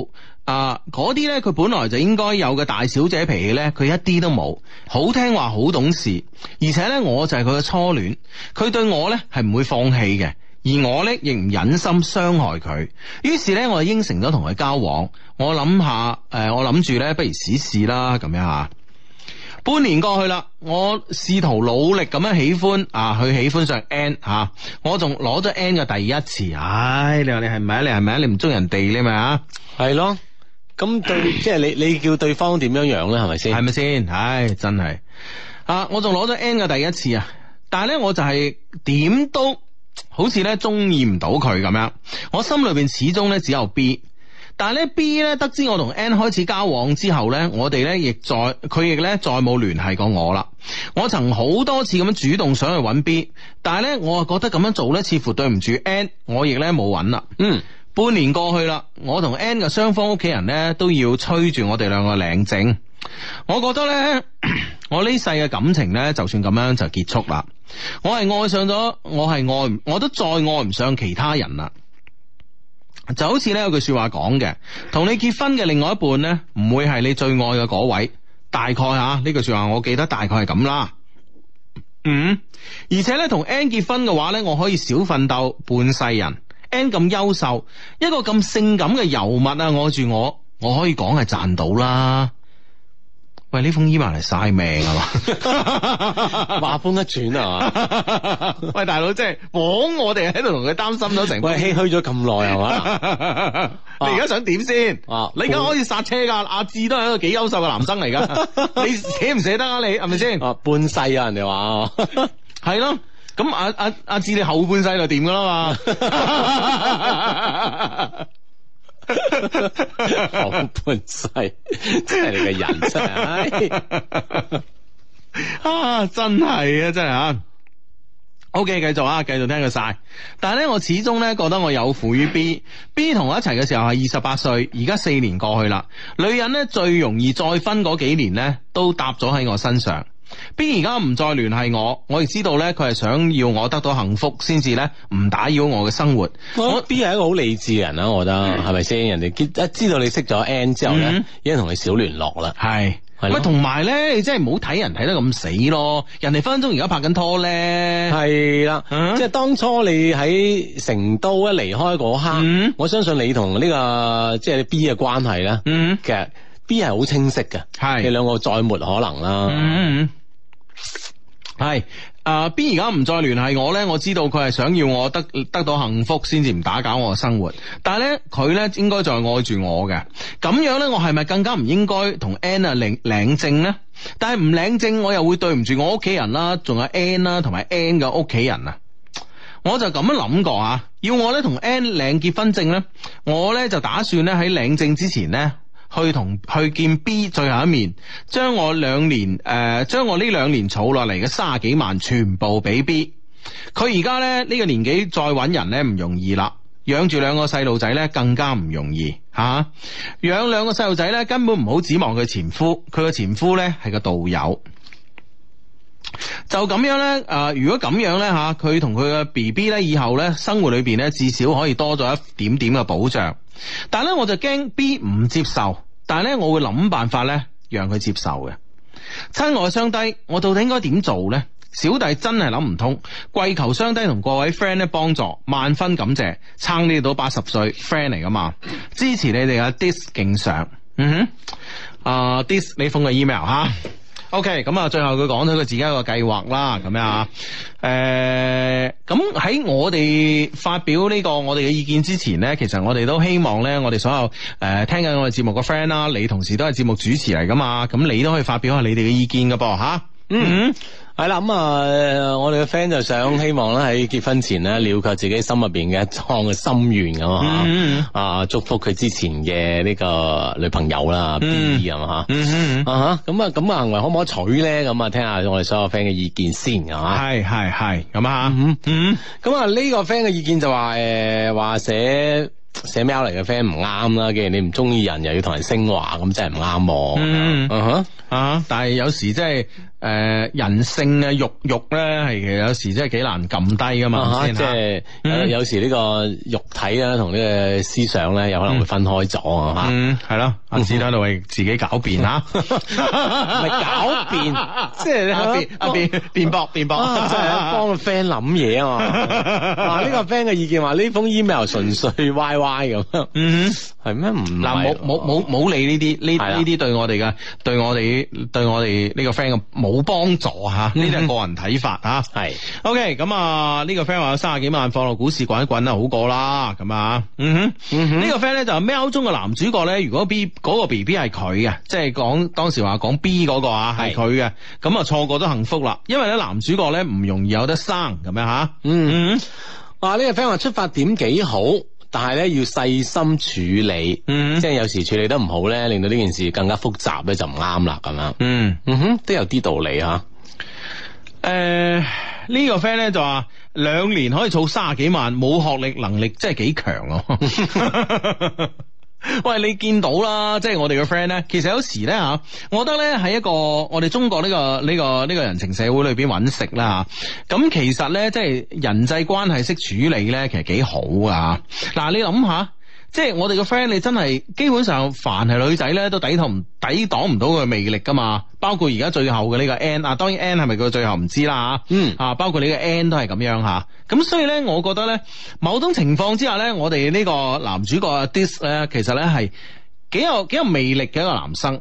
啊！嗰啲呢，佢本來就應該有嘅大小姐脾氣呢，佢一啲都冇，好聽話，好懂事，而且呢，我就係佢嘅初戀，佢對我呢係唔會放棄嘅，而我呢亦唔忍心傷害佢，於是呢，我就應承咗同佢交往。我諗下，誒、呃，我諗住呢，不如試試啦，咁樣吓。半年過去啦，我試圖努力咁樣喜歡啊，佢喜歡上 N 吓、啊，我仲攞咗 N 嘅第一次，唉、哎！你話你係咪？你係咪？你唔鍾人哋你咪啊？係咯。咁對，即係你你叫對方點樣樣呢？係咪先？係咪先？唉、 哎，真係啊！Uh, 我仲攞咗 N 嘅第一次啊！但係呢，我就係點都好似呢中意唔到佢咁樣。我心裏邊始終呢，只有 B，但係呢 B 呢，得知我同 N 開始交往之後呢，我哋呢，亦再佢亦呢，再冇聯繫過我啦。我曾好多次咁樣主動想去揾 B，但係呢，我啊覺得咁樣做呢，似乎對唔住 N，我亦呢，冇揾啦。嗯。半年過去啦，我同 N 嘅雙方屋企人咧都要催住我哋兩個領證。我覺得咧， 我呢世嘅感情咧，就算咁樣就結束啦。我係愛上咗，我係愛，我都再愛唔上其他人啦。就好似咧有句說話講嘅，同你結婚嘅另外一半咧，唔會係你最愛嘅嗰位，大概吓、啊、呢句說話，我記得大概係咁啦。嗯，而且咧同 N 結婚嘅話咧，我可以少奮鬥半世人。咁優秀，一個咁性感嘅尤物啊，愛住我，我可以講係賺到啦。喂，呢封 email 嚟晒命 啊嘛，話風一轉啊嘛。喂，大佬，即係枉我哋喺度同佢擔心咗成，我唏嘘咗咁耐係嘛。 吧你而家想點先、啊？啊，你而家可以剎車噶。阿志都係一個幾優秀嘅男生嚟噶，你捨唔捨得啊？你係咪先？啊，半世啊，人哋話、啊，係 咯、 啊。咁阿阿阿志，嗯啊啊、你後半世就點噶啦嘛？ 後半世即係你嘅人生。 啊！真係啊，真係啊！O K，繼續啊，繼續聽佢晒。但係咧，我始終咧覺得我有負於 B。B 同我一齊嘅時候係二十八歲，而家四年過去啦。女人咧最容易再婚嗰幾年咧，都搭咗喺我身上。B 而家唔再聯繫我，我亦知道咧，佢係想要我得到幸福，先至咧唔打擾我嘅生活。我 B 係一個好理智嘅人啦，我覺得係咪先？人哋一知道你識咗 N 之後咧，已經同你少聯絡啦。係，咁同埋咧，你真係唔好睇人睇得咁死咯。人哋分分鐘而家拍緊拖咧。係啦，即係當初你喺成都一離開嗰刻，我相信你同呢個即係你 B 嘅關係咧。其實 B 係好清晰嘅，係你兩個再沒可能啦。係，啊邊而家唔再聯繫我呢？我知道佢係想要我得得到幸福，先至唔打攪我嘅生活。但係呢，佢呢應該就係愛住我嘅。咁樣呢，我係咪更加唔應該同 N 啊領領證呢？但係唔領證，我又會對唔住我屋企人啦，啊，仲有 N 啦，啊，同埋 N 嘅屋企人啊。我就咁樣諗過啊。要我呢同 N 領結婚證呢，我呢就打算呢喺領證之前呢。去同去見 B 最後一面，將我兩年誒，將、呃、我呢兩年儲落嚟嘅三十幾萬全部俾 B。佢而家咧呢、呢個年紀再揾人咧唔容易啦，養住兩個細路仔咧更加唔容易吓、啊。養兩個細路仔咧根本唔好指望佢前夫，佢個前夫咧係個導遊。就咁樣咧、呃，啊如果咁樣咧吓，佢同佢嘅 B B 咧以後咧生活裏邊咧至少可以多咗一點點嘅保障。但係咧，我就驚 B 唔接受，但係咧，我會諗辦法咧，讓佢接受嘅。親愛雙低，我到底應該點做呢？小弟真係諗唔通，跪求雙低同各位 friend 咧幫助，萬分感謝，撐你到八十歲，friend 嚟噶嘛，支持你哋啊！Dis 敬上，嗯哼，啊、uh,，Dis 你封個 email 吓。O K，咁啊，okay, 最後佢講咗佢自己一個計劃啦，咁樣啊，誒、呃，咁喺我哋發表呢個我哋嘅意見之前呢，其實我哋都希望呢，我哋所有誒、呃、聽緊我哋節目嘅 friend 啦，你同時都係節目主持嚟噶嘛，咁你都可以發表下你哋嘅意見噶噃吓，啊、嗯,嗯。係啦，咁啊、嗯，我哋嘅 friend 就想希望咧喺結婚前咧，了卻自己心入邊嘅一樁嘅心願咁啊，mm hmm. 啊，祝福佢之前嘅呢個女朋友啦、mm hmm.，B 咁、mm hmm. 啊，啊，咁啊，咁啊，行為可唔可以取咧？咁啊，聽下我哋所有 friend 嘅意見先，係嘛？係係係，咁啊，咁啊，呢個 friend 嘅意見就話，誒、呃，話寫寫 mail 嚟嘅 friend 唔啱啦，既然你唔中意人，又要同人升華，咁真係唔啱喎。嗯、mm，hmm. 啊，mm hmm. uh、但係有時真、就、係、是。誒人性嘅慾欲咧，係其實有時真係幾難撳低噶嘛，即係有時呢個肉體啊，同呢個思想咧，有可能會分開咗啊，嚇，係咯，阿史丹喺度自己狡辯嚇，唔係狡辯，即係阿邊阿邊辯駁辯駁，即係幫個 friend 諗嘢啊嘛，嗱，呢個 friend 嘅意見話，呢封 email 純粹歪歪咁，嗯，係咩唔嗱冇冇冇冇理呢啲呢呢啲對我哋嘅對我哋對我哋呢個 friend 嘅冇。冇幫助吓，呢啲係個人睇法吓。係，OK，咁啊呢個 friend 話有三十幾萬放落股市滾一滾啊，好過啦咁啊。嗯哼，呢、嗯、哼個 friend 咧就係喵中嘅男主角咧，如果 B 嗰個 BB 係佢嘅，即係講當時話講 B 嗰個啊係佢嘅，咁啊錯過咗幸福啦。因為咧男主角咧唔容易有得生咁樣吓。嗯嗯哼，哇呢、啊這個 friend 話出發點幾好。但係咧要細心處理，嗯，嗯，即係有時處理得唔好咧，令到呢件事更加複雜咧，就唔啱啦，咁樣，嗯，嗯哼，都有啲道理吓。誒、呢、呃這個 friend 咧就話兩年可以儲卅幾萬，冇學歷能力真，真係幾強咯。喂，你見到啦，即係我哋個 friend 咧，其實有時咧嚇、啊，我覺得咧喺一個我哋中國呢個呢個呢個人情社會裏邊揾食啦咁、啊、其實咧即係人際關係識處理咧，其實幾好㗎。嗱、啊，你諗下。即係我哋個 friend，你真係基本上凡係女仔咧，都抵同抵擋唔到佢魅力噶嘛。包括而家最後嘅呢個 N 啊，當然 N 係咪佢最後唔知啦吓。嗯啊，包括你個 N 都係咁樣吓。咁、啊、所以咧，我覺得咧，某種情況之下咧，我哋呢個男主角啊 diss 咧，其實咧係幾有幾有魅力嘅一個男生。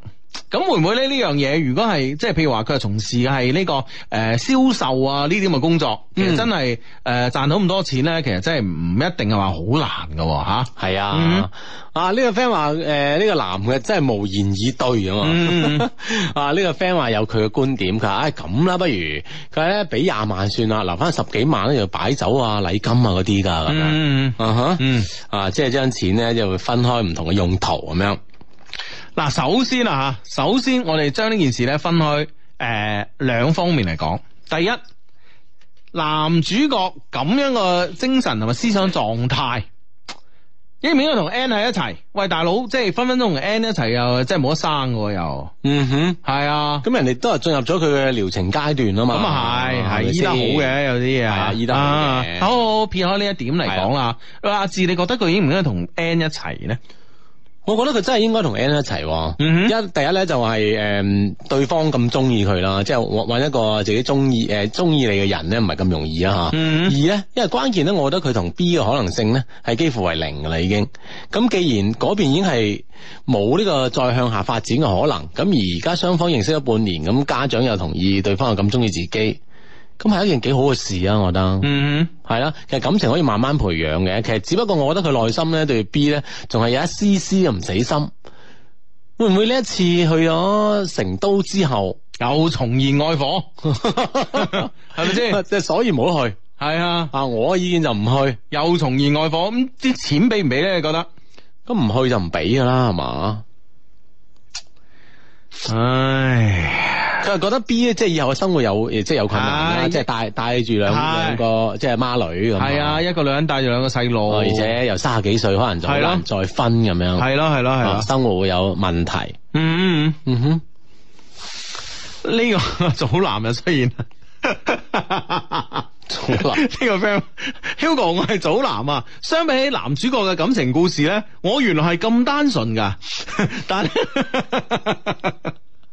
咁會唔會咧？妹妹呢樣嘢如果係即係，譬如話佢係從事嘅係呢個誒銷、呃、售啊呢啲咁嘅工作，其實真係誒賺到咁多錢咧，其實真係唔一定係話好難噶吓。係啊，啊呢個 friend 話誒呢個男嘅真係無言以對啊嘛。啊呢、嗯啊這個 friend 話有佢嘅觀點，佢話唉咁啦，不如佢咧俾廿萬算啦，留翻十幾萬咧就擺酒啊、禮金、嗯、啊嗰啲噶咁樣啊吓。啊即係將錢咧就會分開唔同嘅用途咁樣。嗱，首先啊，首先我哋將呢件事咧分開，誒、呃、兩方面嚟講。第一，男主角咁樣個精神同埋思想狀態，應唔應該同 N 喺一齊？喂，大佬，即係分分鐘同 N 一齊又即係冇得生嘅又，又嗯哼，係啊。咁人哋都係進入咗佢嘅療程階段啊嘛。咁、嗯嗯、啊係，係醫、啊、得好嘅有啲嘢，醫、啊啊、得好嘅、啊。好撇開呢一點嚟講啦，阿智你覺得佢應唔應該同 N 一齊咧？我覺得佢真係應該同 N 一齊，一第一咧就係誒對方咁中意佢啦，即係揾一個自己中意誒中意你嘅人咧唔係咁容易啊吓。二咧，因為關鍵咧，我覺得佢同 B 嘅可能性咧係幾乎為零噶啦已經。咁既然嗰邊已經係冇呢個再向下發展嘅可能，咁而而家雙方認識咗半年，咁家長又同意，對方又咁中意自己。咁係一件幾好嘅事啊，我覺得，嗯，嗯，係啦，其實感情可以慢慢培養嘅，其實只不過我覺得佢內心咧對 B 咧，仲係有一絲絲嘅唔死心，會唔會呢一次去咗成都之後又重燃愛火，係咪先？即係所以冇得去，係啊，啊我嘅意見就唔去，又重燃愛火，咁啲錢俾唔俾咧？你覺得？咁唔去就唔俾噶啦，係嘛？唉。佢係覺得 B 咧，即係以後嘅生活有，即係有困難啦，啊、即係帶帶住兩、啊、兩個，即係孖女咁。係啊，一個女人帶住兩個細路，而且又卅幾歲，可能就難再婚。咁樣。係咯、啊，係咯、啊，係、啊啊、生活會有問題。嗯嗯，嗯，嗯哼，呢、這個祖藍啊，雖然 祖藍呢 個 friend Hugo，我係祖藍啊。相比起男主角嘅感情故事咧，我原來係咁單純噶，但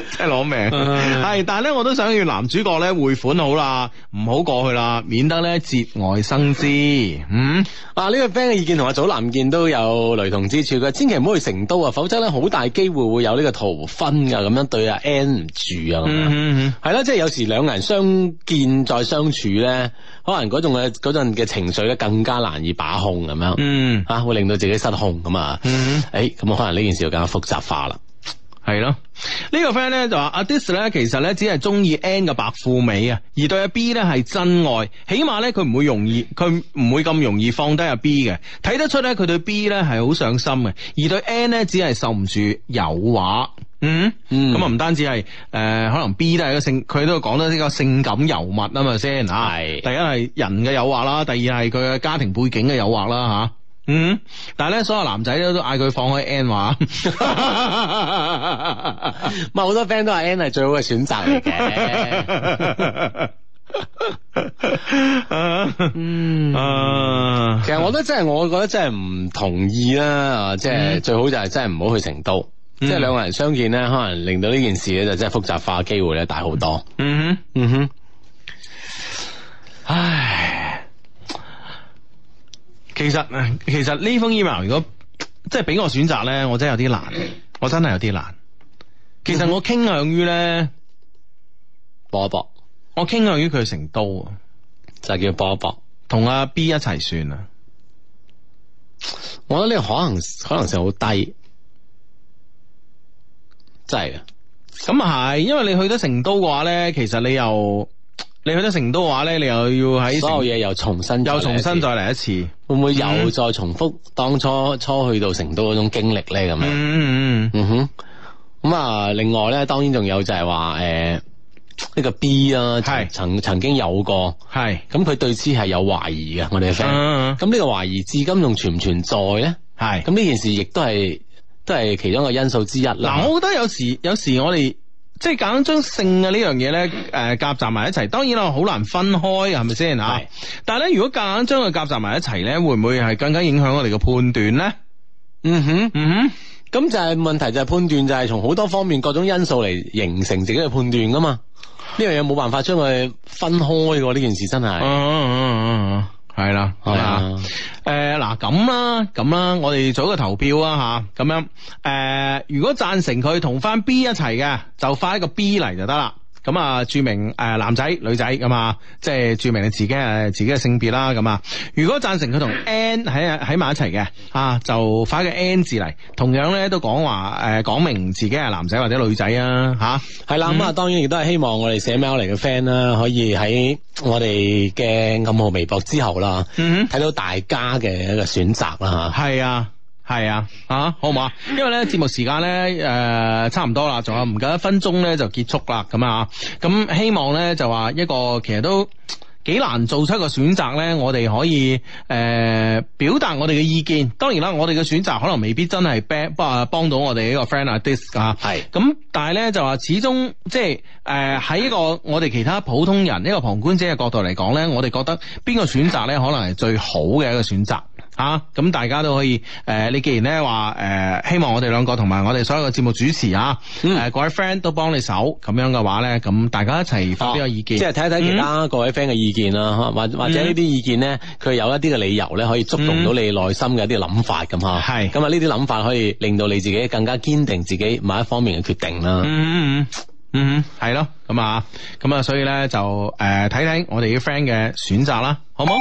即 真攞拿命，係、uh, 但係咧，我都想要男主角咧匯款好啦，唔好過去啦，免得咧節外生枝。嗯，啊呢、這個 friend 嘅意見同阿祖藍見都有雷同之處嘅，千祈唔好去成都啊，否則咧好大機會會有呢個逃婚噶，咁樣對阿 N 唔住啊咁樣，係啦、mm hmm.，即係有時兩人相見再相處咧，可能嗰種嘅陣嘅情緒咧更加難以把控咁樣，嗯、mm，吓、hmm. 啊、會令到自己失控咁啊，嗯，誒、mm，咁、hmm. 啊、欸、可能呢件事要更加複雜化啦。係咯，呢個 friend 咧就話阿 Diss 咧其實咧只係中意 N 嘅白富美啊，而對阿 B 咧係真愛，起碼咧佢唔會容易，佢唔會咁容易放低阿 B 嘅，睇得出咧佢對 B 咧係好上心嘅，而對 N 咧只係受唔住誘惑。嗯，咁啊唔單止係誒、呃，可能 B 都係一個性，佢都講得呢個性感油物啊嘛先吓。係，第一係人嘅誘惑啦，第二係佢嘅家庭背景嘅誘惑啦吓。嗯嗯嗯，mm hmm. 但係咧，所有男仔咧都嗌佢放開 N 話，唔係好多 friend 都係 N 係最好嘅選擇嚟嘅。嗯，其實我覺得真係，我覺得真係唔同意啦。啊，即係最好就係真係唔好去成都，即係兩個人相見咧，可能令到呢件事咧就真係複雜化，機會咧大好多。嗯哼、mm，嗯、hmm. 哼、mm，hmm. 唉。其實其實呢封 email 如果即係俾我選擇咧，我真係有啲難，我真係有啲難。其實我傾向於咧波博，薄薄我傾向於佢成都，就叫波博，同阿 B 一齊算啊。我覺得呢個可能可能性好低，真係嘅。咁係，因為你去咗成都嘅話咧，其實你又。你去到成都嘅話咧，你又要喺所有嘢又重新，又重新再嚟一次，會唔會又再重複當初初去到成都嗰種經歷咧咁樣？嗯 嗯哼。咁啊，另外咧，當然仲有就係話誒，呢、呃呢個 B 啊曾是曾曾經有過，係咁佢對此係有懷疑嘅，我哋嘅咁呢個懷疑至今仲存唔存在咧？係咁呢件事亦都係都係其中一個因素之一嗱、呃，我覺得有時有時我哋。即係夾硬將性嘅呢樣嘢咧，誒、呃、夾雜埋一齊，當然係好難分開，係咪先啊？是但係咧，如果夾硬將佢夾雜埋一齊咧，會唔會係更加影響我哋嘅判斷咧？嗯哼，嗯哼，咁就係、是、問題就係判斷就係從好多方面各種因素嚟形成自己嘅判斷噶嘛？呢樣嘢冇辦法將佢分開噶喎，呢件事真係。啊啊啊啊。係啦，係啦，誒，嗱，咁啦，咁啦、呃，我哋做一個投票啦吓，咁、啊、樣，誒、呃，如果贊成佢同翻 B 一齊嘅，就發一個 B 嚟就得啦。咁啊，注明誒男仔、呃、女仔咁啊，即係注明自己誒、呃、自己嘅性別啦。咁啊，如果贊成佢同 N 喺啊喺埋一齊嘅吓，就發個 N 字嚟，同樣咧都講話誒講明自己係男仔或者女仔啊吓係啦。咁啊，啊嗯、當然亦都係希望我哋寫 mail 嚟嘅 friend 啦、啊，可以喺我哋嘅暗號微博之後啦、啊，嗯睇、嗯、到大家嘅一個選擇啦吓，係啊。係啊，吓、啊、好唔好啊？因為咧節目時間咧誒、呃、差唔多啦，仲有唔夠一分鐘咧就結束啦咁啊！咁、嗯、希望咧就話一個其實都幾難做出一個選擇咧，我哋可以誒、呃、表達我哋嘅意見。當然啦，我哋嘅選擇可能未必真係 bad 不幫幫到我哋呢個 friend 啊 dis 啊。係是。咁但係咧就話始終即係誒喺一個我哋其他普通人一個旁觀者嘅角度嚟講咧，我哋覺得邊個選擇咧可能係最好嘅一個選擇。啊，咁大家都可以，誒、呃，你既然咧話，誒、呃，希望我哋兩個同埋我哋所有嘅節目主持啊，誒、嗯啊，各位 friend 都幫你手，咁樣嘅話咧，咁大家一齊發表個意見，即係睇一睇其他、嗯、各位 friend 嘅意見啦、啊，或或者呢啲意見咧，佢有一啲嘅理由咧，可以觸動到你內心嘅一啲諗法咁吓，係、啊，咁、嗯、啊呢啲諗法可以令到你自己更加堅定自己某一方面嘅決定啦、嗯，嗯嗯嗯，係、嗯、咯，咁啊，咁啊，所以咧、啊、就，誒，睇睇我哋啲 friend 嘅選擇啦，好冇？